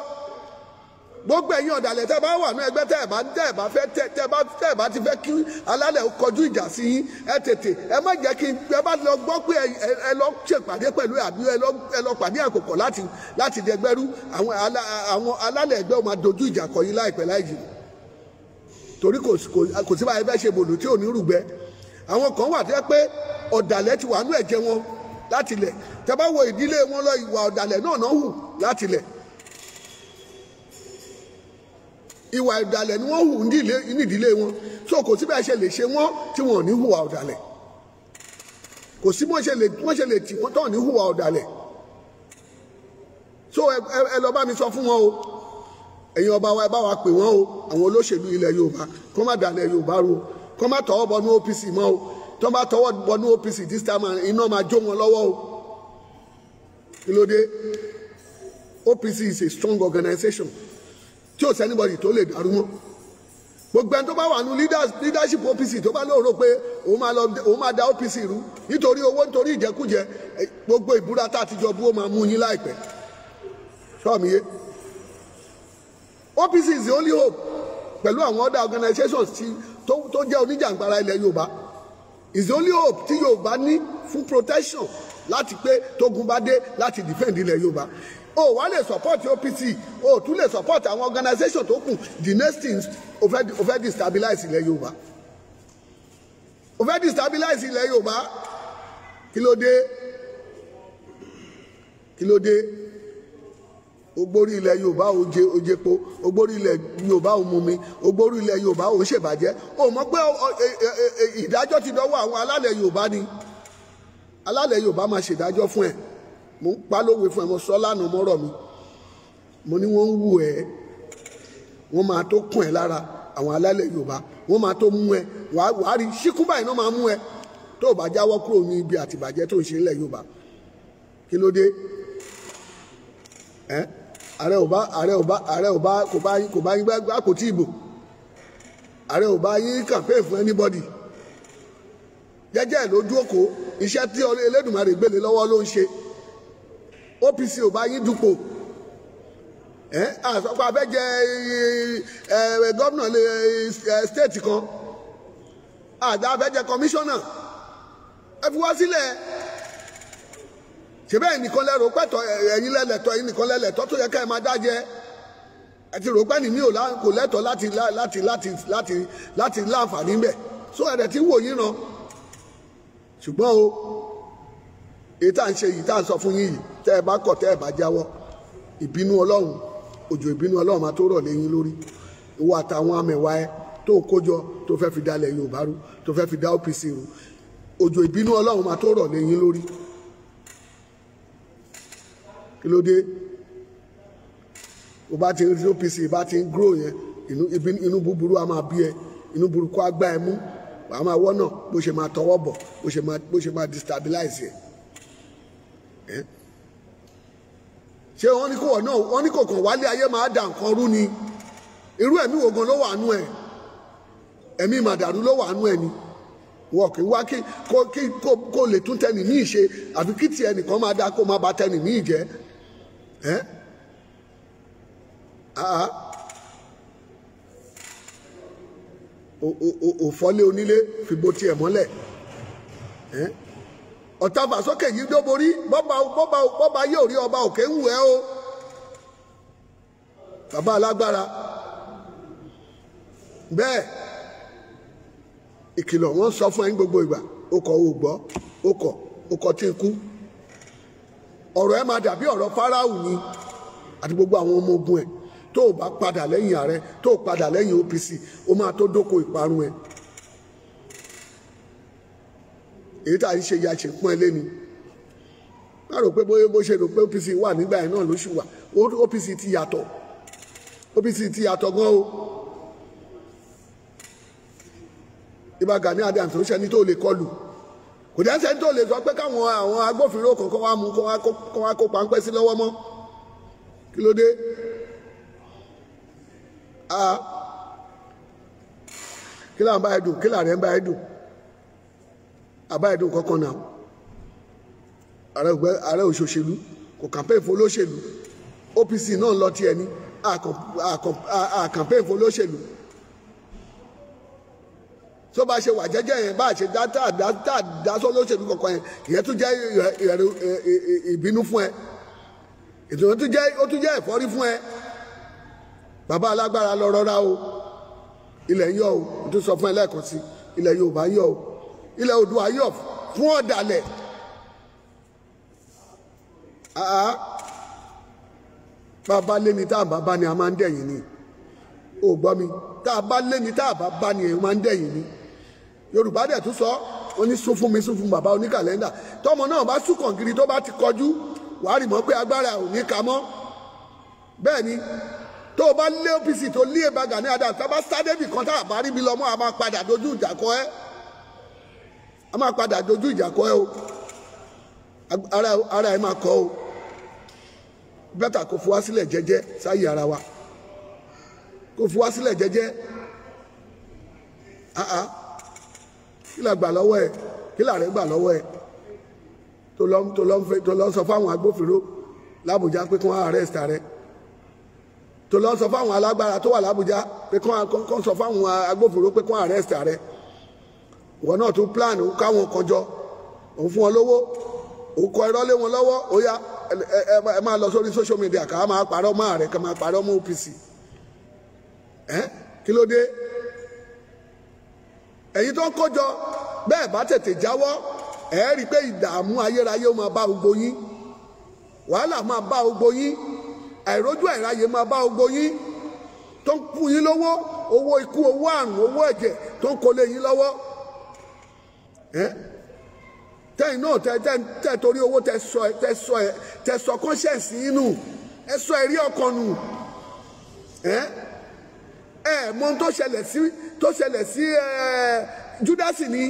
gbogbo ẹ̀yin ọ̀dàlẹ̀ tẹ́ bá wà ní ẹgbẹ́ tẹ́ bá tẹ́ bá fẹ́ tẹ́ tẹ́ bá tẹ́ bá ti fẹ́ kí alálẹ̀ kọjú ìjà sí yín ẹ tètè ẹ má jẹ́ kí ẹ bá lọ gbọ́ pé ẹ lọ ṣèpàdé pẹ̀lú àbí ẹ lọ pàdé àkókò láti láti dẹgbẹ́rú àwọn àwọn alálẹ̀ ẹgbẹ́ máa dojú ìjà kọ yín láìpẹ́ láì jìnnà torí kò sí báyìí fẹ́ ṣe bòlù tí ò ní rùgbẹ́ àwọn kan wà tẹ́ pé ọ̀dàlẹ̀ ti wà nú ẹ̀jẹ̀ wọn látilẹ̀ tẹ́ bá wo ìdílé wọn lọ ìwà ọ̀dàlẹ̀ náà náà hù látilẹ̀ ìwà ìdàlẹ̀ ni wọ́n hù nídìílé wọn so kò sí bẹ́ẹ̀ ṣe lè ṣe wọ́n tí wọn ò ní hùwà ọ̀dàlẹ̀ kò sí wọ́n ṣe lè tì wọ́n tán ní hùwà ọ̀dàlẹ̀ so ẹ lọ bá mi sọ fún wọn o ẹ̀yin ọba wa ẹ bá wa pè wọ́n o àwọn olóṣèlú ilẹ̀ Yorùbá kó má dàlẹ̀ Yorùbá ru kó má tọwọ́ bọnú OPC mọ́ o tó bá tọwọ́ bọnú OPC this time iná máa jó wọn lọ́wọ́ o kí ló dé OPC is a strong organization tí ò sẹ́nibọ̀dì tó lè dàrú mọ́ gbogbo ẹni tó bá wà nù leadership OPC tó bá lóòrò pé òun máa da OPC rú nítorí owó nítorí ìjẹkújẹ gbogbo ìbúra tá a ti jọ bú ó máa mú yín láìpẹ́ ṣọ́ọ̀mù OPC is the only hope pẹ̀lú àwọn other organizations tí tó jẹ́ oníjàǹgbara ilẹ̀ Yorùbá is the only hope tí Yorùbá ní fún protection láti pé tógun bá dé láti defend ilẹ̀ Yorùbá o wá lè support OPC o tún lè support àwọn organisation To kù the next thing o fẹ́ o fẹ́ destabilize ilẹ̀ Yorùbá o fẹ́ destabilize ilẹ̀ Yorùbá kí ló dé kí ló dé ogbórí ilẹ̀ Yorùbá ò jẹ òjèpo ogbórí ilẹ̀ Yorùbá ò mumi ogbórí ilẹ̀ Yorùbá ò ṣèbàjẹ́ o mọ̀ pé e, e, e, ìdájọ́ ti dọ́wọ́ àwọn alálẹ̀ Yorùbá ni alálẹ̀ Yorùbá máa ṣèdájọ́ fún ẹ mo ń pa lówe fún ẹ mo sọ lánàá mọ́rọ̀ mi mo ní wọ́n ń wù ẹ́ wọ́n máa tó kùn ẹ́ lára àwọn alálẹ̀ yorùbá wọ́n máa tó mú ẹ wàá wàá rí síkún báyìí náà máa mú ẹ tó o bá jáwọ́ kúrò ní ibi àtìbàjẹ́ tó ń ṣe nílẹ̀ yorùbá kí ló dé ẹ ààrẹ ò bá ààrẹ ò bá ààrẹ ò bá kò bá yín kò bá yín gbá kò tí ì bò ààrẹ ò bá yín campaign fún anybody jẹ́jẹ́ lójú òkò iṣẹ́ tí Elédùmarè gbélé lọ́wọ́ ló ń ṣe. OPC ò bá yín dupò ẹ àsọpọ̀ abẹ́jẹ ẹ gómìnà stéètì kan àgbà abẹ́jẹ kọmíṣánná ẹ fi wá sílẹ̀ ṣe bẹ́ẹ̀ nìkan lẹ́rọ pẹ́tọ́ ẹ̀yin lẹ́lẹ́tọ́ ẹ̀yin nìkan lẹ́lẹ́tọ́ tó yẹ ká ẹ máa dájẹ́ ẹ ti rò pé nìmí ò kò lẹ́tọ̀ọ́ láti láti láti láti láti láǹfààní bẹ̀ so ẹ̀rẹ̀ ti wò yín ràn ṣùgbọ́n o èyí tá à ń ṣe yìí tá à ń sọ fún yín yìí tẹ́ ẹ bá kọ̀ tẹ́ ẹ bá jáwọ́ ìbínú ọlọ́run òjò ìbínú ọlọ́run máa tó rọ̀ lẹ́yìn lórí ìwọ àtàwọn amẹ̀wá ẹ tó ń kójọ tó fẹ́ fi dalẹ̀ yorùbá rú tó fẹ́ fi dá OPC rú òjò ìbínú ọlọ́run máa tó rọ̀ lẹ́yìn lórí kí ló dé o bá ti rí OPC bá ti ń grow yẹn inú búburú a máa bí ẹ inú burúkú á gbá ẹ mú wàá máa wọ́nà bó ṣe máa tọwọ́ bọ̀ bó ṣe máa destabilize ẹ ẹ́ ṣé wọ́n ní kò wọ̀ náà wọ́n ní kò kàn wálé ayé máa dà nǹkan rú ni irú ẹ̀mí wo gan ló wà nú ẹ̀ ẹ̀mí màdàrú ló wà nú ẹ̀ ni wọ́n kì í wá kí kó lè tún tẹ́nì míì ṣe àfi kí tiẹ̀ nìkan máa dá kó máa bà tẹ́nì míì jẹ́ ẹ́ òfọ́lé ah, ah. onílé fìbò tiẹ̀ mọ́lẹ̀ ẹ́. Eh? ọ̀tá fàsókè yìí ló borí bọ́ba bọ́ba bọ́ba yóò rí ọba òkè ń wẹ̀ o bàbá alágbára bẹ́ẹ̀ ìkìlọ̀ wọ́n sọ fún ẹ ní gbogbo ìgbà ó kọ̀ ó gbọ́ ó kọ̀ ó kọ̀ tí ń kú ọ̀rọ̀ ẹ máa dàbí ọ̀rọ̀ fáráhù ni àti gbogbo àwọn ọmọ ogun ẹ̀ tó o bá padà lẹ́yìn ààrẹ tó o padà lẹ́yìn OPC o máa tó dóko ìparun ẹ̀. èyí tá à ń ṣe ya ṣe pọ́n lé ni má rò pé bóyá bó ṣe rò pé OPC wà nígbà yẹn náà ló ṣì wà OPC ti yàtọ̀ OPC ti yàtọ̀ gan o Ìbà Gani Adams tó ń ṣẹni tó lè kọlù kò dẹ́ sẹ́ni tó lè sọ pé káwọn àwọn agbófinró kankan wá mú kó wá kó páńpẹ́ sí lọ́wọ́ mọ́ kí ló dé kí là ń bá ẹ dùn kí là rẹ ń bá ẹ dùn àbáyédùn kankan náà ààrẹ òṣòṣèlú kò campaign fún olóṣèlú OPC náà lọ tiẹ̀ ní a campaign fún olóṣèlú tó bá ṣe wà jẹ́jẹ́ yẹn bá ṣe dáṣọ lóṣèlú kankan yẹn ìyẹn tún jẹ́ ìbínú fún ẹ ìtùnú ó tún jẹ́ ẹ̀fọ́rí fún ẹ bàbá alágbára lọ rọra o ilẹ̀ yọ o ó tún sọ fún ẹ lẹ́ẹ̀kan sí ilẹ̀ Yorùbá yọ o ilẹ̀ Oòduà yọ̀ fún ọ̀dàlẹ̀ ah, ah. bàbá lẹ́ni tá a bá bá ni a máa ń dẹ̀yìn ni ò gbọ́ mi tá a bá lẹ́ni tá a bá bá ni a máa ń dẹ̀yìn ni Yorùbá dẹ̀ tún sọ ó ní sún fún mi sún fún bàbá oníkàlẹ́ndà tọmọ náà bá sún kọ̀ǹgìrì tó bá ti kọjú wàá rí mọ́ pé agbára ò ní ka mọ́ bẹ́ẹ̀ ni tó o bá lé OPC tó lé Gani Adams tá a bá sáré bì kan tá a bá rí bi lọ́mọ́ a máa padà dojú ìjà kọ ẹ́. a máa padà dojú ìjà kọ ẹ o ara ẹ máa kọ o bẹ́tà kò fi sílẹ̀ jẹ́jẹ́ sáyé ara wa kò fi sílẹ̀ jẹ́jẹ́ àá kí la gbà lọ́wọ́ ẹ kí là rẹ gbà lọ́wọ́ ẹ tó lọ sọ fáwọn agbófinró làbújá pé rẹ tó sọ fáwọn alágbára tó wà làbújá pé sọ rẹ. ìwọ náà tún plan ó káwọn kan jọ òun fún wọn lówó ó kọ irọ́ lé wọn lọ́wọ́ ó yá ẹ máa lọ sórí social media ká máa parọ́ mọ́ ààrẹ ká máa parọ́ mọ́ OPC ẹ kí ló dé èyí tó ń kójọ bẹ́ẹ̀ bá tètè jáwọ́ ẹ rí i pé ìdààmú ayérayé ó máa bá gbogbo yín wàhálà máa bá gbogbo yín àìrójú àìráyè máa bá gbogbo yín tó ń kú yín lọ́wọ́ owó ikú owó àrùn owó ẹ̀jẹ̀ tó ń kọ́lé yín lọ́wọ́. Eh? tẹ́yìn náà tẹ́ tẹ́ tẹ́ torí owó tẹ́ sọ tẹ́ sọ tẹ́ sọ conscience yín nù ẹ sọ ẹ̀rí ọkàn nù eh? ẹ mọ ohun tó ṣẹlẹ̀ sí tó ṣẹlẹ̀ sí Júdásì ni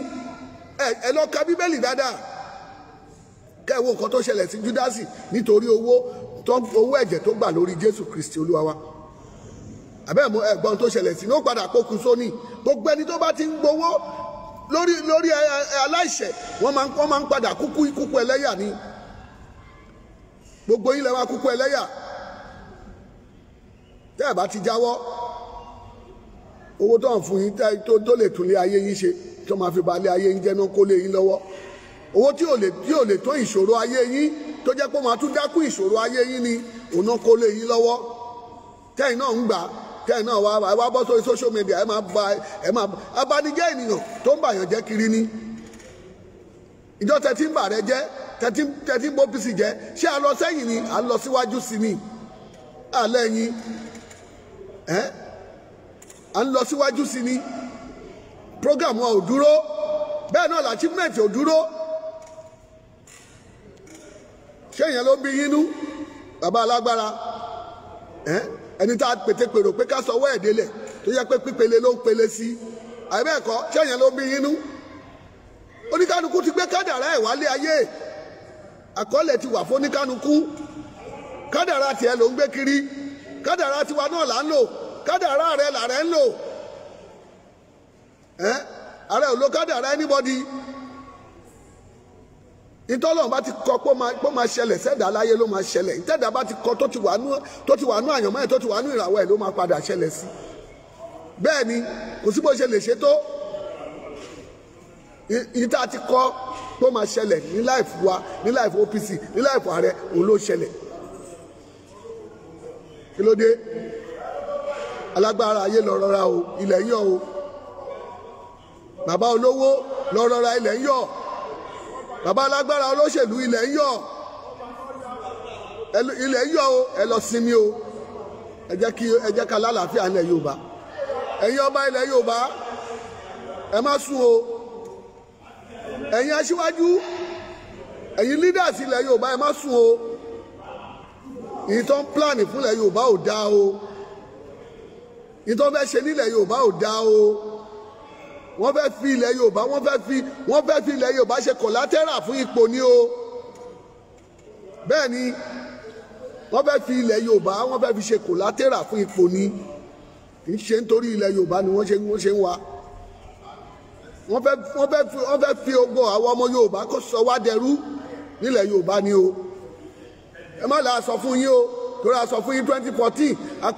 ẹ lọ ka Bíbélì dáadáa kẹwo nǹkan tó ṣẹlẹ̀ sí Júdásì nítorí owó tó owó ẹ̀jẹ̀ tó gbà lórí Jésù Kristi Olúwa wa àbẹ́ẹ̀mọ ẹ̀gbọ́n tó ṣẹlẹ̀ sí ní ó padà pokùnso ni gbogbo ẹni tó bá ti ń gbowó lórí lórí aláìṣẹ̀ wọ́n máa ń wọ́n máa ń padà kúkú kúkú ẹlẹ́yà ni gbogbo yín lè wá kúkú ẹlẹ́yà tẹ́ ẹ̀ bá ti jáwọ́ owó tó ń fún yín tó tó lè tún lé ayé yín ṣe tó máa fi balẹ̀ ayé yín jẹ́ná kó lé yín lọ́wọ́ owó tí ò lè tí ò lè tó ìṣòro ayé yín tó jẹ́ pé ó tún dákún ìṣòro ayé yín ni òun náà kó lé yín lọ́wọ́ tẹ́yìn náà ń gbà á tẹ́ẹ̀ náà wá wá bọ́ sórí social media ẹ máa ba ẹ máa abanijẹ́ ènìyàn tó ń bàyàn jẹ́ kiri ni ìjọ tẹ́tí ń bà rẹ jẹ́ tẹ́tí ń bó jẹ́ ṣé a lọ sẹ́yìn ni a lọ síwájú sí ni àlẹ́ yín ẹ́ à ń lọ síwájú sí ni program wa ò dúró bẹ́ẹ̀ náà achievement ò dúró ṣé èèyàn ló bí yínú bàbá alágbára ẹ́. Eh? ẹni tá a pété pèrò pé ká sọwọ́ ẹ̀ délẹ̀ tó yẹ pé pípele ló ń pele sí àìbẹ́ẹ̀kọ́ sẹ́yìn ló bí yínú oníkanukú ti gbé kádàrá ẹ̀ wálé ayé àkọọ́lẹ̀ ti wà fún oníkanukú kádàrá tiẹ̀ ló ń gbé kiri kádàrá tiwa náà là ń lò kádàrá rẹ̀ là rẹ̀ ń lò ẹ́ ààrẹ ò lo kádàrá anybody ìtọ́lọ́run bá ti kọ pé ó máa ṣẹlẹ̀ sẹ́dá láyé ló máa ṣẹlẹ̀ ìtẹ́dá bá ti kọ tó ti wà nú àyànmọ́ ẹ̀ tó ti wà nú ìràwọ̀ ẹ̀ ló máa padà ṣẹlẹ̀ sí bẹ́ẹ̀ ni kò sí bó ṣe lè ṣe tó ìta ti kọ pé ó máa ṣẹlẹ̀ ní láìfù wa ní láìfù OPC ní láìfù ààrẹ òun ló ṣẹlẹ̀ kí ló dé alágbára ayé lọ rọra o ilẹ̀ yọ o bàbá olówó lọ rọra ilẹ̀ yọ o bàbá alágbára olóṣèlú ilẹ̀ ń yọ̀ ilẹ̀ ń yọ̀ o ẹ lọ sinmi o ẹ jẹ́ kí ẹ jẹ́ ká lálàáfíà ilẹ̀ Yorùbá ẹ̀yin ọba ilẹ̀ Yorùbá ẹ má sùn o ẹ̀yin aṣíwájú ẹ̀yin leaders ilẹ̀ Yorùbá ẹ má sùn o ìtàn plan fúnlẹ̀ Yorùbá ò dáa o ìtàn fẹ́ ṣe nílẹ̀ Yorùbá ò dáa o wọ́n fẹ́ fi ilẹ̀ yorùbá wọ́n fẹ́ fi wọ́n fẹ́ fi ilẹ̀ yorùbá ṣe kọ̀látẹ́rà fún ipò ní o bẹ́ẹ̀ ni wọ́n fẹ́ fi ilẹ̀ yorùbá wọ́n fẹ́ fi ṣe kọ̀látẹ́rà fún ipò ní kì í ṣe nítorí ilẹ̀ yorùbá ni wọ́n ṣe wọ́n ṣe ń wa wọ́n fẹ́ wọ́n fẹ́ fi wọ́n fẹ́ fi ogun àwọn ọmọ yorùbá kó sọ wá dẹrú nílẹ̀ yorùbá ni o ẹ má là á sọ fún yín o torí a sọ fún yín twenty fourteen a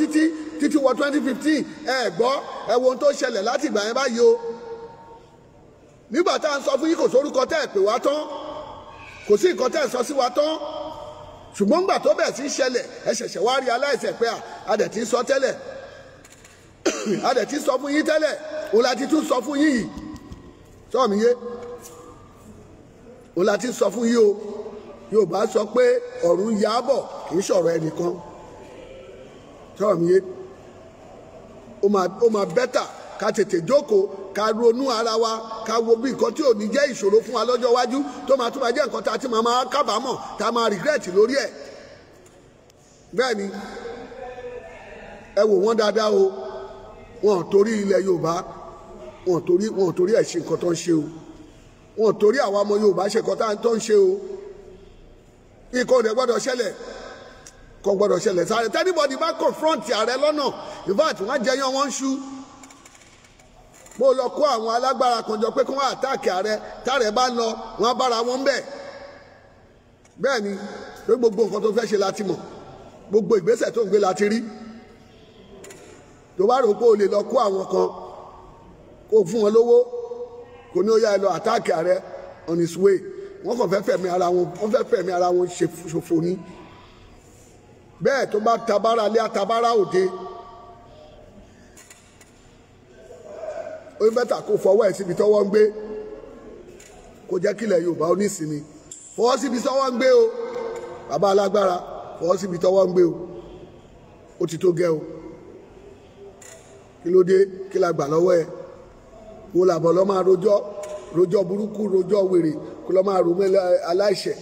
títí títí wọ twenty fifteen eh, gbọ́ ẹ wo ohun tó ṣẹlẹ̀ láti ìgbà yẹn báyìí o nígbà tá à ń sọ fún yín kò sórúkọ tẹ́ ẹ pè wá tán kò sí nǹkan tẹ́ ẹ sọ sí wa tán ṣùgbọ́n gbà tó bẹ̀ẹ̀ sí ṣẹlẹ̀ ẹ ṣẹ̀ṣẹ̀ wá rí aláìsẹ̀ pé a dẹ̀ ti sọ tẹ́lẹ̀ a dẹ̀ ti sọ fún yín tẹ́lẹ̀ òun la ti tún sọ fún yín yìí sọ mi yé òun la ti sọ fún yín o Yorùbá sọ pé ọ̀run yá bọ̀ kì í ṣọ̀rọ̀ ẹnìkan sọ mi yé ó máa bẹ́tà ká tètè jókòó ká ronú ara wa ká wo bí nǹkan tí ò ní jẹ́ ìṣòro fún wa lọ́jọ́ iwájú tó máa tún máa jẹ́ nǹkan tá a ti máa máa kábàámọ̀ tá a máa regret lórí ẹ̀ bẹ́ẹ̀ ni ẹ wò wọ́n dáadáa o wọn ò torí ilẹ̀ Yorùbá wọn ò torí wọn ò torí ẹ̀ ṣe nǹkan tó ń ṣe o wọn ò torí àwa ọmọ Yorùbá ṣe nǹkan tó ń ṣe o nǹkan ò dẹ̀ gbọ́dọ̀ ṣẹlẹ̀ kò gbọdọ̀ ṣẹlẹ̀ sáré tẹ́nibọ̀dì bá confront ààrẹ lọ́nà in fact wọ́n jẹyàn wọ́n ń ṣú mo lọ kó àwọn alágbára kan jọ pé kí wọ́n àtàkì ààrẹ tààrẹ bá lọ wọ́n bára wọn ń bẹ̀ bẹ́ẹ̀ ni lórí gbogbo nǹkan tó fẹ́ ṣe láti mọ̀ gbogbo ìgbésẹ̀ tó ń gbé láti rí tó bá rò pé o lè lọ kó àwọn kan kó fún wọn lówó kò ní ó yá ẹ lọ àtàkì ààrẹ on his way wọ́n kàn fẹ́ fẹ̀mí ara wọn wọ́n fẹ́ fẹ̀mí ara wọn ṣòfò ní bẹ́ẹ̀ tó bá tabára lé atabára òde ó bẹ́tà kó fọwọ́ ẹ̀ síbi tọ́wọ́ ń gbé kó jẹ́ kílẹ̀ Yorùbá ó fọwọ́ síbi tọ́wọ́ ń gbé o bàbá alágbára fọwọ́ síbi tọ́wọ́ ń gbé o ó ti tó gẹ́ o kí ló dé kí la gbà lọ́wọ́ ẹ wo làbọ̀ lọ́ máa rojọ́ rojọ́ burúkú rojọ́ wèrè kó lọ́ máa rò mọ́ aláìṣẹ̀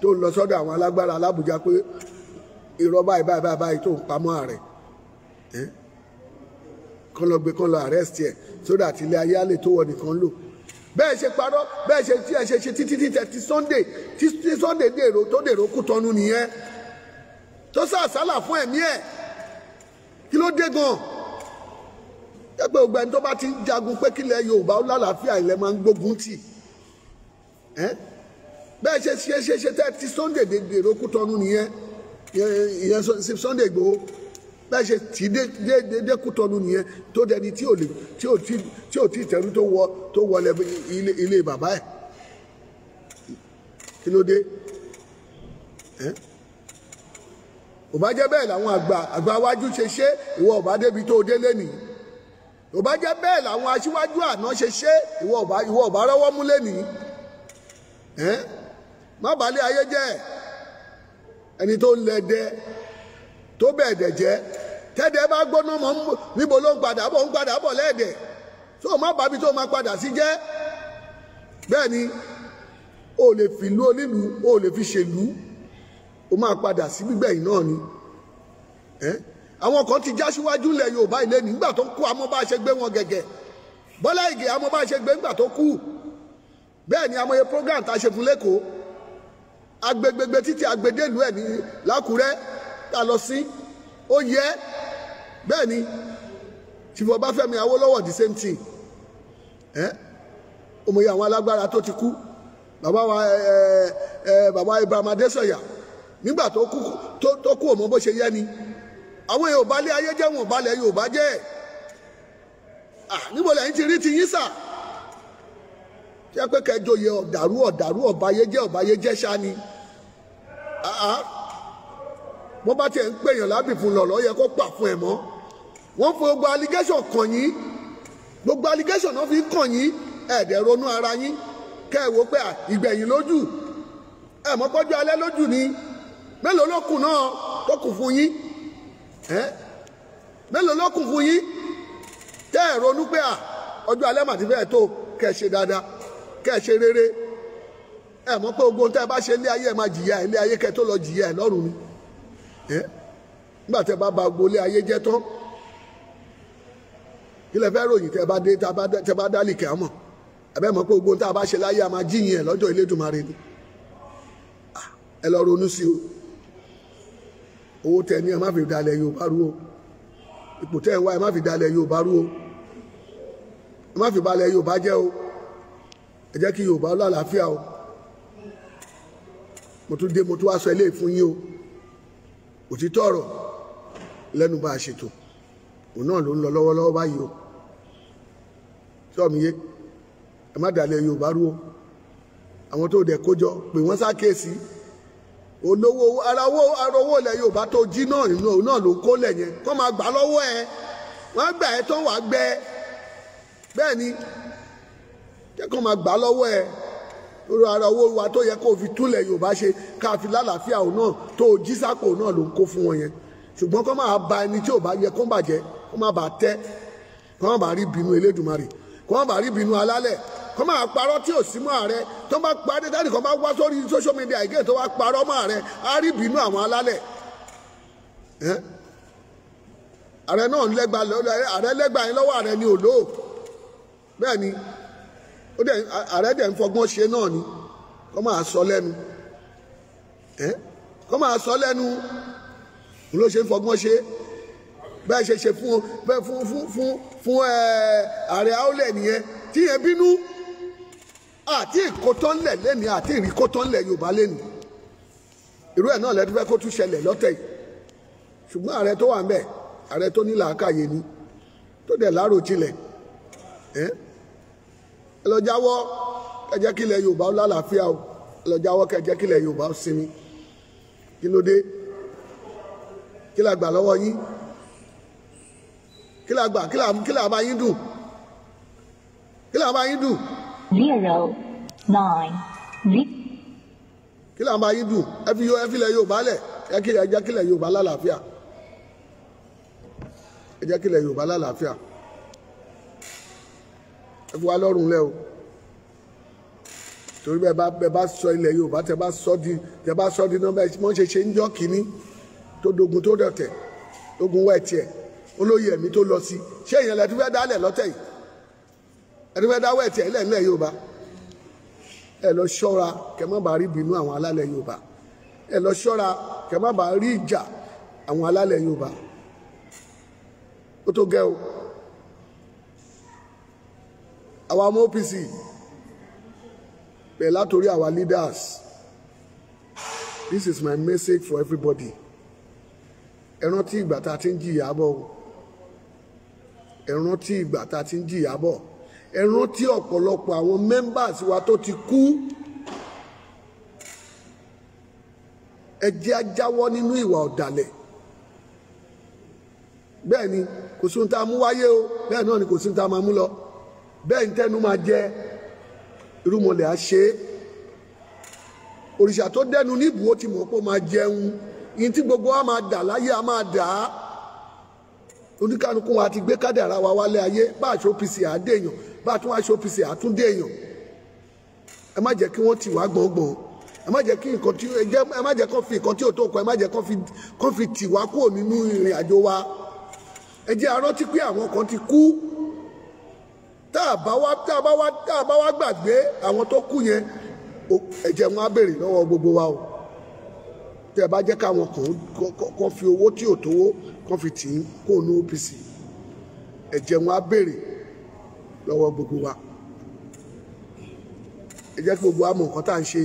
tó lọ sọ́dọ̀ àwọn alágbára alábùjá pé irọ́ báyìí báyìí báyìí tó ń pamọ́ ààrẹ kán lọ gbé kán lọ arrest ẹ̀ sódà tí ilé ayé á lè tó wọ nìkan lò bẹ́ẹ̀ ṣe parọ́ bẹ́ẹ̀ ṣe tí ẹ ṣe ṣe títí títí ti Sunday tí Sunday dèrò tó dèrò kú tọ́nu nìyẹn tó sàṣálà fún ẹ̀mí ẹ̀ kí ló dé gan-an ẹgbẹ́ ògbà ẹni tó bá ti ń jagun pé kílẹ̀ Yorùbá ó lálàáfíà ilẹ̀ máa ń gbógun tì bẹ́ẹ̀ ṣe ṣe ṣe ṣe tẹ́ ti Sunday dèrò kú tọ́nu nìyẹn ìyẹn Sunday Igboho bẹ́ẹ̀ ṣe tì dé Kútọ́nù nìyẹn tó dẹni tí ò tí tẹ̀rú tó wọlé ilé bàbá ẹ̀ kí ló dé ò bá jẹ́ bẹ́ẹ̀ làwọn àgbà àgbà wájú ṣe ṣe ìwọ ò bá débi tó délé nìyí ò bá jẹ́ bẹ́ẹ̀ làwọn aṣíwájú àná ṣe ṣe ìwọ ò bá rọ́wọ́ mú lẹ́nìí má bàálé ayé jẹ́ ẹ̀ ẹni tó ń lẹdẹ tó bẹ̀ẹ̀dẹ̀ jẹ́ tẹ́dẹ̀ bá gbóná mọ́ níbo ló ń padà bọ̀ ń padà bọ̀ lẹ́ẹ̀dẹ̀ tó o má bàbí tó o máa padà sí jẹ́ bẹ́ẹ̀ ni o lè fi ìlú onílùú o lè fi ṣèlú o máa padà sí gbígbẹ̀yìn náà ni àwọn kan ti já síwájú ilẹ̀ Yorùbá ilé nígbà tó kú amọ́ bá ṣe gbé wọn gẹ̀gẹ̀ Bọ́lá Ìgè amọ́ bá ṣe gbé nígbà tó kú bẹ́ẹ̀ ni amọ̀ye program tá a ṣe fún lẹ́kọ̀ọ́ agbegbegbe títí agbedelu ẹ̀ ní làkúrẹ́ tá a lọ sí ó yẹ bẹ́ẹ̀ ni Chief Ọbáfẹ́mi Awólọ́wọ̀ the same thing ẹ́ ọmọye àwọn alágbára tó ti kú bàbá wa ẹ ẹ bàbá Ibrahim Adésànyà nígbà tó kú tó kú ọmọ bó ṣe yẹ ni àwọn Yorùbá lé ayé jẹ́ wọn balẹ̀ Yorùbá jẹ́ ẹ̀ níbo lẹ́yìn ti rí ti yín sà jẹ́ pé kẹjọ yẹ ọ̀dàrú ọ̀dàrú ọ̀báyéjẹ́ ọ̀báyéjẹ́ ṣá ni wọ́n bá tiẹ̀ ń pèèyàn lábìfún lọ̀lọ́ yẹ kó pà fún ẹ̀ mọ́ wọ́n fo gbogbo allegation kàn yín gbogbo allegation náà fi kàn yín ẹ̀ẹ́dẹ̀ ronú ara yín kẹ́ ẹ̀ wò pé ìgbẹ̀yìn lójú ẹ̀ mọ́ pọ́jú alẹ́ lójú ni mélòó ló kù náà tó kù fún yín ẹ́ mélòó ló kù fún yín tẹ́ ẹ̀ ronú pé ọjọ́ alẹ́ màdìbẹ́ tó kẹ́ ẹ ṣe dáadáa kẹ́ ẹ ṣe rere ẹ mọ̀ pé ogun tẹ́ ẹ bá ṣe ilé ayé ẹ máa jìyà ilé ayé kẹ́ tó lọ jìyà ẹ lọ́rùn ni nígbà tẹ́ bá ba gbogbo ilé ayé jẹ́ tán ilẹ̀ fẹ́ ròyìn tẹ́ bá dé tẹ́ bá dálì kẹ́ ọmọ ẹ̀bẹ́ mọ̀ pé ogun tẹ́ bá ṣe láyé ẹ máa jìyìn ẹ lọ́jọ́ Elédùmarè ni ẹ lọ ronú sí o owó tẹ ní ẹ má fi dalẹ̀ Yorùbá rú o ipò tẹ́ ẹ wá ẹ má fi dalẹ̀ Yorùbá rú o ẹ má fi balẹ̀ Yorùbá jẹ́ o ẹ jẹ́ kí Yorùbá lálàáfíà o mo tún dé mo tún wá sọ eléyìí fún yín o òtítọ́ ọ̀rọ̀ lẹ́nu bá a ṣètò òun náà ló ń lọ lọ́wọ́lọ́wọ́ báyìí o sọ́ọ̀mìyé ẹ má dàlẹ́ Yorùbá rú o àwọn tó dẹ̀ kójọ pé wọ́n ṣàkíyèsí olówó arawó arawó ilẹ̀ Yorùbá tó jí náà nínú òun náà ló ń kólẹ̀ yẹn kó máa gbà lọ́wọ́ ẹ wọ́n á gbà ẹ tán wàá gbẹ bẹ́ẹ̀ ni jẹ́ máa gbà lọ́wọ́ ẹ lórí ara owó wa tó yẹ kó fi túlẹ̀ yorùbá ṣe ká fi lálàáfíà òun náà tó jí sápò náà ló ń kó fún wọn yẹn ṣùgbọ́n kó máa ba ẹni tí ò bá yẹ kó bàjẹ́ kó máa bà tẹ́ kó máa bà rí bínú elédùnmarè kó máa bà rí bínú alálẹ̀ kó máa parọ́ tí ò sí mọ́ ààrẹ tó bá parí dáàdì kan bá wá sórí social media ìgé tó wá parọ́ mọ́ ààrẹ á rí bínú àwọn alálẹ̀ ààrẹ náà lẹ́gbàá lọ́wọ́ ààrẹ lẹ́gbàá yẹn lọ́wọ́ ààrẹ ni òlóò bẹ́ẹ̀ ni ó dẹ̀ ààrẹ dẹ̀ ń fọgbọ́n ṣe náà ni kọ́ máa sọ lẹ́nu ẹ́ kọ́ máa sọ lẹ́nu òun ló ṣe ń fọgbọ́n ṣe bẹ́ẹ̀ ṣe ṣe fún bẹ́ẹ̀ fún fún fún fún ẹ ààrẹ àólẹ̀ nìyẹn tí yẹn bínú àti ìkótọ́nlẹ̀ lẹ́ni àti ìríkótọ́nlẹ̀ Yorùbá lẹ́nu irú ẹ̀ náà lẹ́nu fẹ́ kó tún ṣẹlẹ̀ lọ́tẹ̀ yìí ṣùgbọ́n ààrẹ tó wà ń bẹ̀ ààrẹ tó ní làákàyè ni tó dẹ̀ láròjinlẹ̀ ẹ́ ẹ lọ jáwọ́ Yorùbá lálàáfíà o ẹ lọ jáwọ́ Yorùbá sinmi kí ló dé kí la gbà lọ́wọ́ yín kí la gbà kí la kí la bá yín dùn kí la bá yín dùn. zero nine zero. kí la bá yín dùn ẹ fi yọ ẹ Yorùbá lẹ̀ ẹ jẹ́ Yorùbá lálàáfíà ẹ jẹ́ Yorùbá lálàáfíà ẹ fi wá lọ́rùn lẹ́ o torí bẹ́ẹ̀ bá bẹ́ẹ̀ bá sọ ilẹ̀ Yorùbá tẹ́ bá sọ di tẹ́ bá sọ di náà bẹ́ẹ̀ mọ́ ṣe ṣe ń jọ́ kínní tó dogun tó dọ̀tẹ̀ ogun wẹ̀ tiẹ̀ olóyè ẹ̀mí tó lọ sí ṣé èèyàn lẹ́tí fẹ́ dálẹ̀ lọ́tẹ̀ yìí ẹ̀tí fẹ́ dáwọ́ ẹ̀tì ẹ̀lẹ́ ńlẹ̀ Yorùbá ẹ lọ ṣọ́ra kẹ́ má bàa rí ìbínú àwọn alálẹ̀ Yorùbá ẹ lọ ṣọ́ra kẹ́ má bàa rí ìjà àwọn alálẹ̀ Yorùbá ó tó gẹ́ o àwa ọmọ OPC bẹ̀ẹ̀ látòrí our leaders this is my message for everybody ẹ rántí ìgbà tá a ti ń jìyà bọ̀ ẹ rántí ìgbà tá a ti ń jìyà bọ̀ ẹ ọ̀pọ̀lọpọ̀ àwọn members wa tó ti kú ẹ ajáwọ́ nínú ìwà ọ̀dàlẹ̀ bẹ́ẹ̀ ni kò sí ohun tá a mú wáyé o bẹ́ẹ̀ náà ni kò sí ohun tá a máa mú lọ. bẹ́ẹ̀ ní ma máa jẹ irúmọlẹ̀ ṣe òrìṣà tó dẹnu níbùú ó ti mọ̀ pé ó máa jẹun yìí tí gbogbo wa máa dà láyé a máa dà á oníkanukú wa ti gbé kádàrá wa wálé ayé bá a ṣe OPC àádéèyàn bá a tún wá ṣe àtúndéèyàn ẹ má jẹ́ kí wọ́n wá gbọ̀ngbọ̀n ẹ jẹ́ kí nǹkan tí ẹ má jẹ́ kó jẹ́ kó fi tì wá kúrò nínú ìrìn a pé tá a bá wá tá a bá wá tá a bá wá gbàgbé àwọn tó kú yẹn ẹ̀jẹ̀ wọn á béèrè lọ́wọ́ gbogbo wa o tẹ́ ẹ bá jẹ́ káwọn kan fi owó tí ò tówó kan fi tì í kó nu OPC ẹ̀jẹ̀ wọn á béèrè lọ́wọ́ gbogbo wa ẹ kí gbogbo wa mọ̀ nǹkan tá à ń ṣe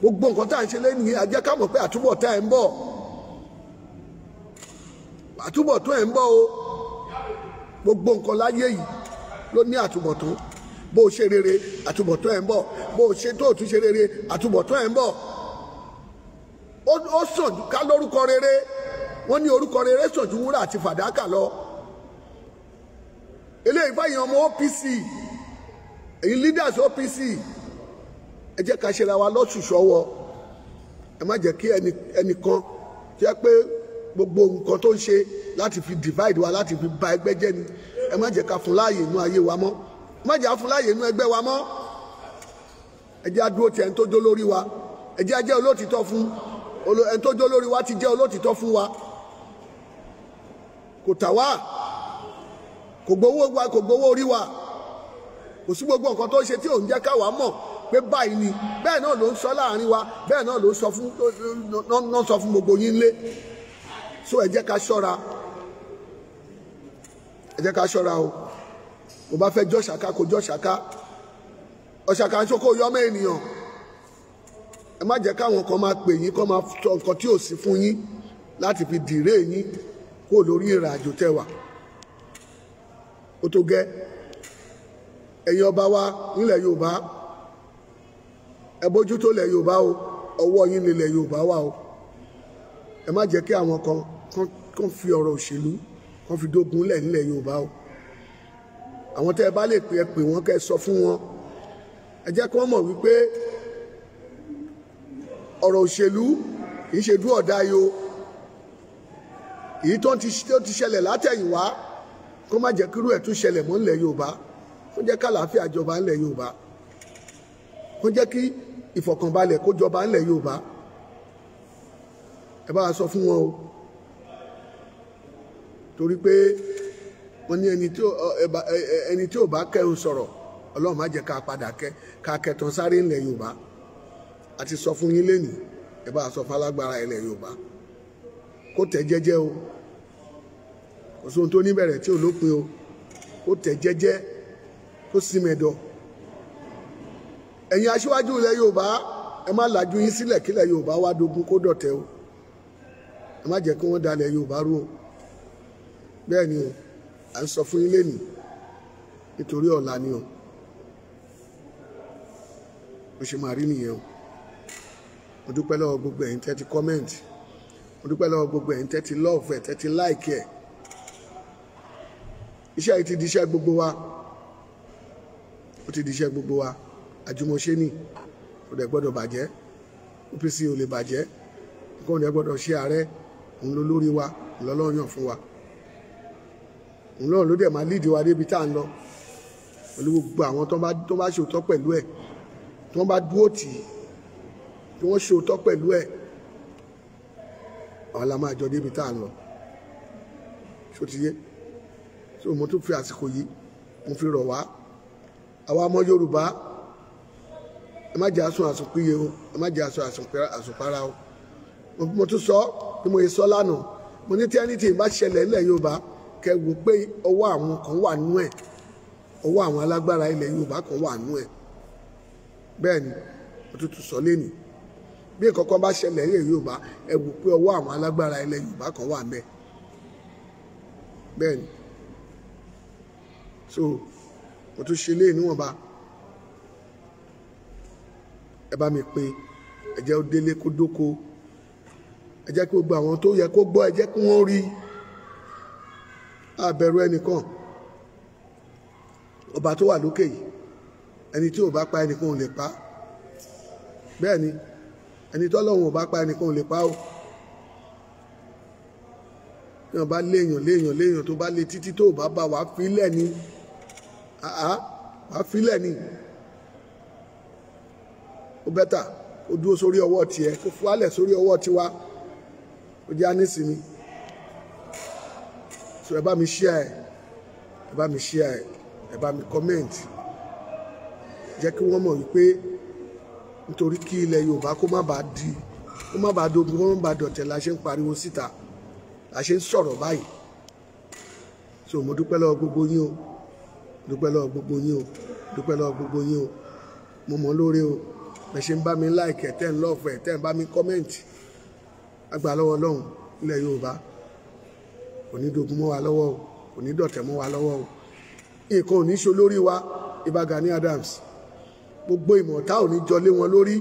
gbogbo nǹkan tá à ń ṣe lẹ́nu yìí a ká mọ̀ pé àtúbọ̀ tá ẹ̀ ń bọ̀ àtúbọ̀ tó ẹ̀ ń bọ̀ o gbogbo nǹkan láyé yìí ló ní àtúbọ̀tán bó o ṣe rere àtúbọ̀tán ẹ̀ ń bọ̀ bó o ṣe tó o tún ṣe rere àtúbọ̀tán ẹ̀ ń bọ̀ ó sàn ká lórúkọ rere wọ́n ní orúkọ rere sàn ju wúrà àti fàdákà lọ eléyìí báyìí ọmọ OPC èyí leaders OPC ẹ jẹ́ ká ṣe ra wa lọ́sùsọ́wọ́ ẹ má jẹ́ kí ẹnìkan jẹ́ pé gbogbo nǹkan tó ń ṣe láti fi divide wa láti fi ba ẹgbẹ́ jẹ́ ni ẹ má jẹ́ ká fún láàyè inú ayé wa mọ́ ẹ má jẹ́ ká fún láàyè inú ẹgbẹ́ wa mọ́ ẹ jẹ́ adúró ti ẹni tó jó lórí wa ẹ jẹ́ ajẹ́ olóòtítọ́ fún ẹni tó jó lórí wa ti jẹ́ olóòtítọ́ fún wa kò tà wá kò gbowó wa kò gbowó orí wa kò sí gbogbo nǹkan tó ń ṣe tí òun jẹ́ káwa mọ̀ pé báyìí ni bẹ́ẹ̀ náà ló ń sọ láàrin wa bẹ́ẹ̀ náà ló ń sọ fún gbogbo yín lé so ẹ jẹ́ ká ṣọ́ra ẹ jẹ́ ká ṣọ́ra o mo bá fẹ́ jọ́ ṣàká kó jọ́ ṣàká ọ̀ṣàká ń ṣokó yọ́mọ ènìyàn ẹ má jẹ́ káwọn kan máa pè yín kó máa sọ nǹkan tí ò sí fún yín láti fi dìré yín kó lórí ìrìn tẹwà ó tó gẹ́ ẹ̀yin ọba wa nílẹ̀ Yorùbá ẹ bójútó lẹ̀ Yorùbá o ọwọ́ yín nílẹ̀ Yorùbá wa o ẹ má jẹ́ kí àwọn kan kan fi ọ̀rọ̀ òṣèlú wọ́n fi dógun lẹ̀ nílẹ̀ Yorùbá o àwọn tẹ́ ẹ bá lè pè ẹ pè wọ́n kẹ́ ẹ sọ fún wọn ẹ jẹ́ kí wọ́n mọ̀ wípé ọ̀rọ̀ òṣèlú kì í ṣe dú ọ̀dá yo èyí tó ti ṣẹlẹ̀ látẹ̀yìnwá kó má jẹ́ kírú ẹ̀ tún ṣẹlẹ̀ mọ́ nílẹ̀ Yorùbá kó jẹ́ kálàáfíà jọba nílẹ̀ Yorùbá kó jẹ́ kí ìfọ̀kànbalẹ̀ kó jọba nílẹ̀ Yorùbá ẹ bá wa sọ fún wọn o torí pé wọ́n ní ẹni tí ò bá kẹ́hùn sọ̀rọ̀ ọlọ́run má jẹ́ ká padà kẹ́ ká kẹtàn sáré ńlẹ̀ yorùbá a ti sọ fún yín lénìí ẹ bá sọ falágbára ilẹ̀ yorùbá kó tẹ̀ jẹ́jẹ́ o kò sóhun tó níbẹ̀rẹ̀ tí ò lópin o kó tẹ̀ jẹ́jẹ́ kó sí mẹ́dọ̀ ẹ̀yin aṣíwájú ilẹ̀ yorùbá ẹ má làjú yín sílẹ̀ kílẹ̀ yorùbá wá dogun kó dọ̀tẹ̀ o ẹ má jẹ́ kí wọ́n dalẹ̀ yorùbá rú o bẹ́ẹ̀ ni o à ń sọ fún yín lẹ́nu nítorí ọ̀la ni o mo ṣe máa rí nìyẹn o mo dúpẹ́ lọ́wọ́ gbogbo ẹ̀yin tẹ́tí kọ́mẹ́ǹtì mo dúpẹ́ lọ́wọ́ gbogbo ẹ̀yin tẹ́tí lọ́ọ̀fù ẹ̀ tẹ́tí láìkì ẹ̀ iṣẹ́ yìí ti di iṣẹ́ gbogbo wa ó ti di iṣẹ́ gbogbo wa àjùmọ̀ṣe ni kò dẹ̀ gbọ́dọ̀ bàjẹ́ OPC ò lè bàjẹ́ nǹkan ò dẹ̀ gbọ́dọ̀ ṣe ààrẹ òun ló lórí wa ìlọ́lọ́yàn fún wa òun náà ló dẹ̀ máa lead wa débi tá à ń lọ pẹ̀lú gbogbo àwọn tó bá ṣòótọ́ pẹ̀lú ẹ̀ tí wọ́n bá dúró tì í tí wọ́n ṣòótọ́ pẹ̀lú ẹ̀ àwọn la máa jọ débi tá à ń lọ ṣó ti yé so mo tún fi àsìkò yìí mo fi rọ̀ wá àwa ọmọ Yorùbá ẹ má jẹ́ àsun àsùnpìyẹ o ẹ má jẹ́ àsun àsùnpara o mo tún sọ bí mo yẹ sọ lánàá mo ní tí ẹni tí ì bá ṣẹlẹ̀ ńlẹ̀ Yorùbá kẹwò pé ọwọ́ àwọn kan wà nú ẹ̀ ọwọ́ àwọn alágbára ilẹ̀ Yorùbá kan wà nú ẹ̀ bẹ́ẹ̀ ni òtútù sọ lẹ́nu bí ìkọ̀kọ̀ bá ṣẹlẹ̀ ilẹ̀ Yorùbá ẹ wò pé ọwọ́ àwọn alágbára ilẹ̀ Yorùbá kan wà bẹ́ẹ̀ bẹ́ẹ̀ ni so mo tún ṣe léè níwọ̀nba ẹ bá mi pe ẹ jẹ́ ó délé kó dóko ẹ jẹ́ kí gbogbo àwọn tó yẹ kó gbọ́ ẹ jẹ́ kí wọ́n rí i àbẹ̀rù ẹnìkan ọba tó wà lókè yìí ẹni tí ò bá pa ẹnìkan ò lè pa bẹ́ẹ̀ ni ẹni tọ́lọ́hun ò bá pa ẹnìkan ò lè pa o èèyàn bá léèyàn léèyàn léèyàn tó bá lé títí tó bá bá wàá filẹ̀ ni àá wàá ni ó bẹ́tà ó dúró sórí ọwọ́ tiẹ̀ kó fúwálẹ̀ sórí ọwọ́ tiwa ó jẹ́ ànísìmí so ẹ bá mi share ẹ bá mi share ẹ bá mi comment jẹ́ kí wọ́n mọ̀ wípé nítorí kí ilẹ̀ Yorùbá kó má bàa di kó má bàa dogun kó má bàa dọ̀tẹ̀ la ṣe ń pariwo síta la ṣe ń sọ̀rọ̀ báyìí so mo dúpẹ́ lọ́wọ́ gbogbo yín o dúpẹ́ lọ́wọ́ gbogbo yín o dúpẹ́ lọ́wọ́ gbogbo yín o mo mọ̀ lóore o bẹ̀ ṣe ń bá mi láìkẹ̀ tẹ́ ń lọ́ọ̀fù ẹ̀ tẹ́ ń bá mi comment. agbà lọ́wọ́ Ọlọ́run ilẹ̀ Yorùbá kò ní dogun mọ́ wa lọ́wọ́ o kò mọ́ wa lọ́wọ́ o nǹkan ò ní ṣe olórí wa Ìbà Gani Adams gbogbo ìmọ̀ta ò ní jọlé wọn lórí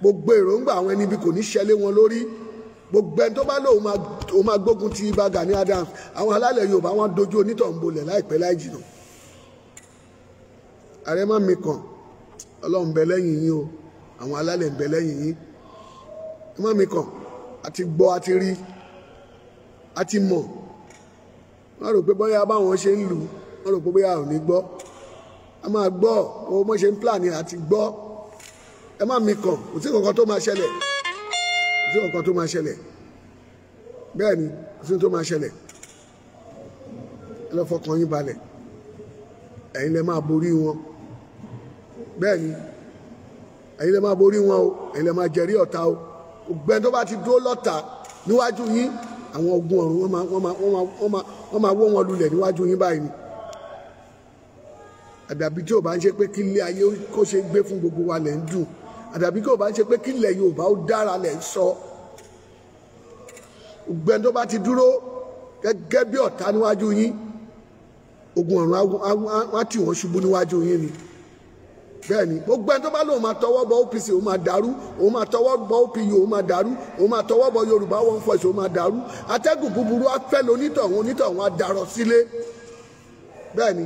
gbogbo èròǹgbà àwọn ẹni bí kò ní ṣẹlé wọn lórí gbogbo ẹni tó bá lóun máa gbógun ti Ìbà Gani Adams àwọn alálẹ̀ Yorùbá wọn dojú onítọ̀ǹbolẹ̀ láìpẹ́ láì jìnnà ààrẹ má mi kàn ọlọ́run bẹ lẹ́yìn yín o àwọn alálẹ̀ ń bẹ lẹ́yìn yín ẹ má mi kàn àti gbọ́ àti rí àti mọ̀ wọ́n rò pé bóyá báwọn ṣe ń lù wọ́n rò pé bóyá ò ní gbọ́ a máa gbọ́ owó mọ́ ṣe ń plan àti gbọ́ ẹ má mi kàn kò sí kankan tó máa ṣẹlẹ̀ kò sí kankan tó máa ṣẹlẹ̀ bẹ́ẹ̀ ni kò sí tó máa ṣẹlẹ̀ ẹ lọ fọkàn yín balẹ̀ ẹ̀yin lẹ máa borí wọn bẹ́ẹ̀ ni ẹ̀yin lẹ máa borí wọn o ẹ̀yin lẹ máa jẹ̀rí ọ̀tá o ògbẹ́ni tó bá ti dúró lọ́ta níwájú yín àwọn ogun ọ̀run wọ́n máa wọ́n máa wọ́n máa wọ́n máa wọ́n wọn lulẹ̀ níwájú yín báyìí ni àdàbí tí ò bá ń ṣe pé kí ilé ayé kó ṣe gbé fún gbogbo wa lẹ̀ ń dùn àdàbí kí ò bá ń ṣe pé kí ilẹ̀ Yorùbá ó dára lẹ̀ ń sọ ògbẹ́ni tó bá ti dúró gẹ́gẹ́ bí ọ̀tá níwájú yín ogun ọ̀run á tì wọ́n ṣubú níwájú yín ni bẹ́ẹ̀ ni gbogbo ẹni tó bá lóun máa tọwọ́ bọ OPC òun máa dàrú òun máa tọwọ́ bọ OPU e, òun máa dàrú òun máa tọwọ́ bọ Yorùbá one voice òun máa dàrú atẹ́gùn búburú afẹ́ lonítọ̀hún onítọ̀hún adarọ̀ sílé bẹ́ẹ̀ ni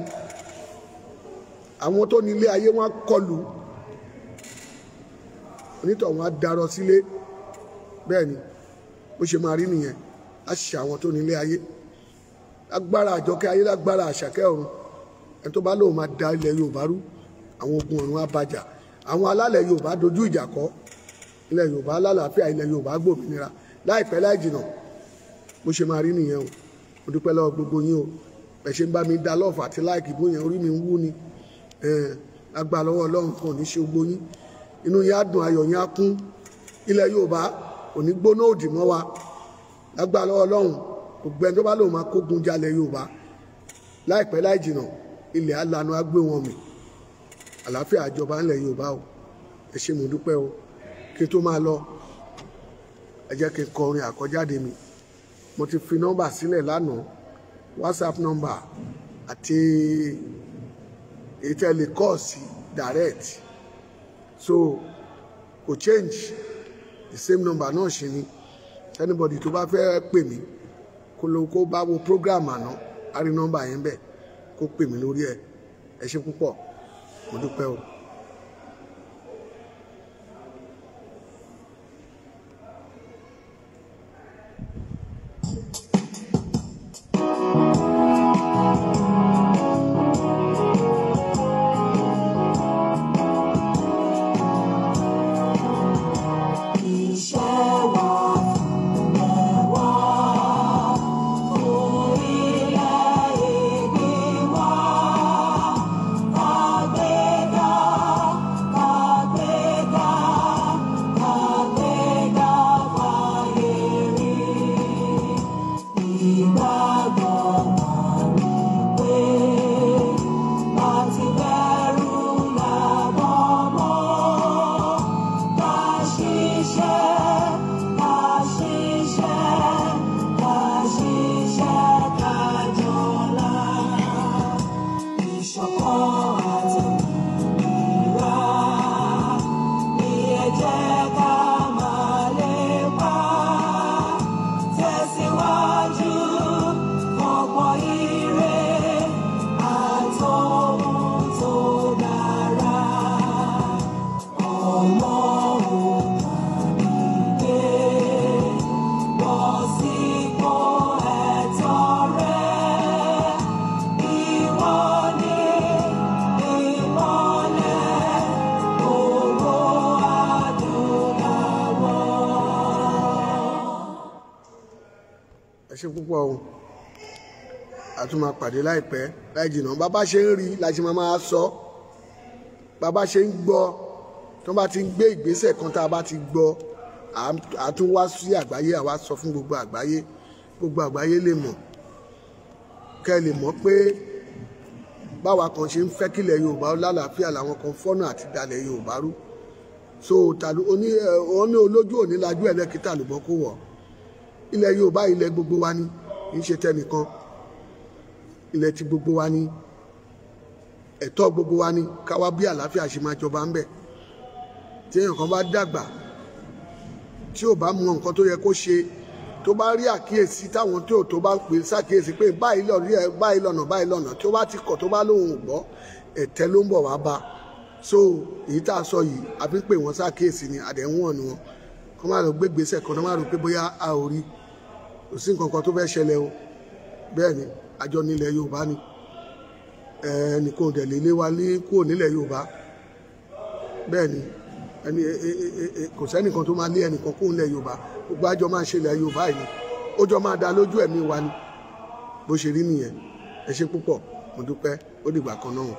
àwọn tó ní ilé ayé wọn kọlù onítọ̀hún adarọ̀ sílé bẹ́ẹ̀ ni bó ṣe máa rí nìyẹn á ṣe àwọn tó ní ilé ayé lágbára àjọkẹ́ ayé lágbára àṣàkẹ́ ọ̀run ẹni tó bá lóun máa àwọn ogun ọ̀run abàjà àwọn alálẹ̀ yorùbá dojú ìjà kọ ilẹ̀ yorùbá lálàáfíà ilẹ̀ yorùbá gbòmìnira láìpẹ́ láì jìnà bó ṣe máa rí nìyẹn o mo dúpẹ́ lọ́wọ́ gbogbo yín o ẹ̀ ń bá mi dá lọ́ọ̀fù àti láìkì bóyá orí mi ń wú ni agbá lọ́wọ́ ọlọ́run kan ní ṣe gbogbo yín inú yín á dùn ayọ̀ yín á kún ilẹ̀ yorùbá kò ní gbóná òdì mọ́ wa agbá lọ́wọ́ ọlọ́run kò gbẹ́ni tó bá lòun máa kógun jalè yorùbá láìpẹ́ láì jìnà ilẹ̀ á lanu wọn mì àlàáfíà àjọba ńlẹ̀ Yorùbá o ẹ ṣé mo dúpẹ́ o kí n tó máa lọ ẹ jẹ́ kí n kọrin àkọjáde mi mo ti fi nọ́mbà sílẹ̀ lánàá WhatsApp nọ́mbà àti èyí tẹ́ direct so kò change the same number náà ṣe ni anybody tó bá fẹ́ pè mí kó ló kó bá wo program àná a rí nọ́mbà yẹn bẹ́ẹ̀ kó pè mí lórí ẹ̀ ẹ ṣé púpọ̀. do peão tún máa pàdé láìpẹ́ láì jìnnà bàbá ṣe ń rí la ṣe máa máa sọ bàbá ṣe ń gbọ́ tó bá ti ń gbé ìgbésẹ̀ kan tá a bá ti gbọ́ à tún wá sí àgbáyé àwa sọ fún gbogbo àgbáyé gbogbo àgbáyé lè mọ̀ kẹ́ ẹ lè mọ̀ pé báwa kan ṣe ń fẹ́ kílẹ̀ Yorùbá lálàáfíà làwọn kan fọ́nà àti dalẹ̀ Yorùbá rú so tàlú oní oní olójú òní lajú ẹlẹ́kìtà lùbọ́ kó wọ̀ ilẹ̀ Yorùbá ilẹ̀ gbogbo wa ni kì í ṣe tẹnìkan ilẹ̀ ti gbogbo wa ni ẹ̀tọ́ gbogbo wa ni káwa bí àlàáfíà ṣe máa jọba ń bẹ̀ tí èèyàn kan bá dàgbà tí ò bá mọ nǹkan tó yẹ kó ṣe tó bá rí àkíyèsí táwọn tí ò tó bá pè ṣàkíyèsí pé báyìí lọ rí ẹ báyìí lọ̀nà báyìí lọ̀nà tó bá ti kọ̀ tó bá lóun ò gbọ́ ẹ̀tẹ́ ló ń bọ̀ wá bá so èyí tá a sọ yìí àbí pé wọ́n ṣàkíyèsí ni àdéhùn ni wọn kọ́ máa lọ gbé gbèsè kan náà máa rò pé bóyá a ò rí kò sí nǹkan kan tó fẹ́ ṣẹlẹ̀ o bẹ́ẹ̀ ni àjọ nílẹ̀ yorùbá ni ẹnìkan òdẹ̀ lè lé wa lé kúrò nílẹ̀ yorùbá bẹ́ẹ̀ ni ẹni e, e, e, kò sẹ́nìkan tó máa lé ẹnìkan kúrò nílẹ̀ yorùbá gbogbo àjọ máa ṣe ilẹ̀ yorùbá yìí ó jọ máa da lójú ẹ̀mí wa ni bó ṣe rí nìyẹn ẹ ṣe púpọ̀ mo dúpẹ́ ó dìgbà kan náà.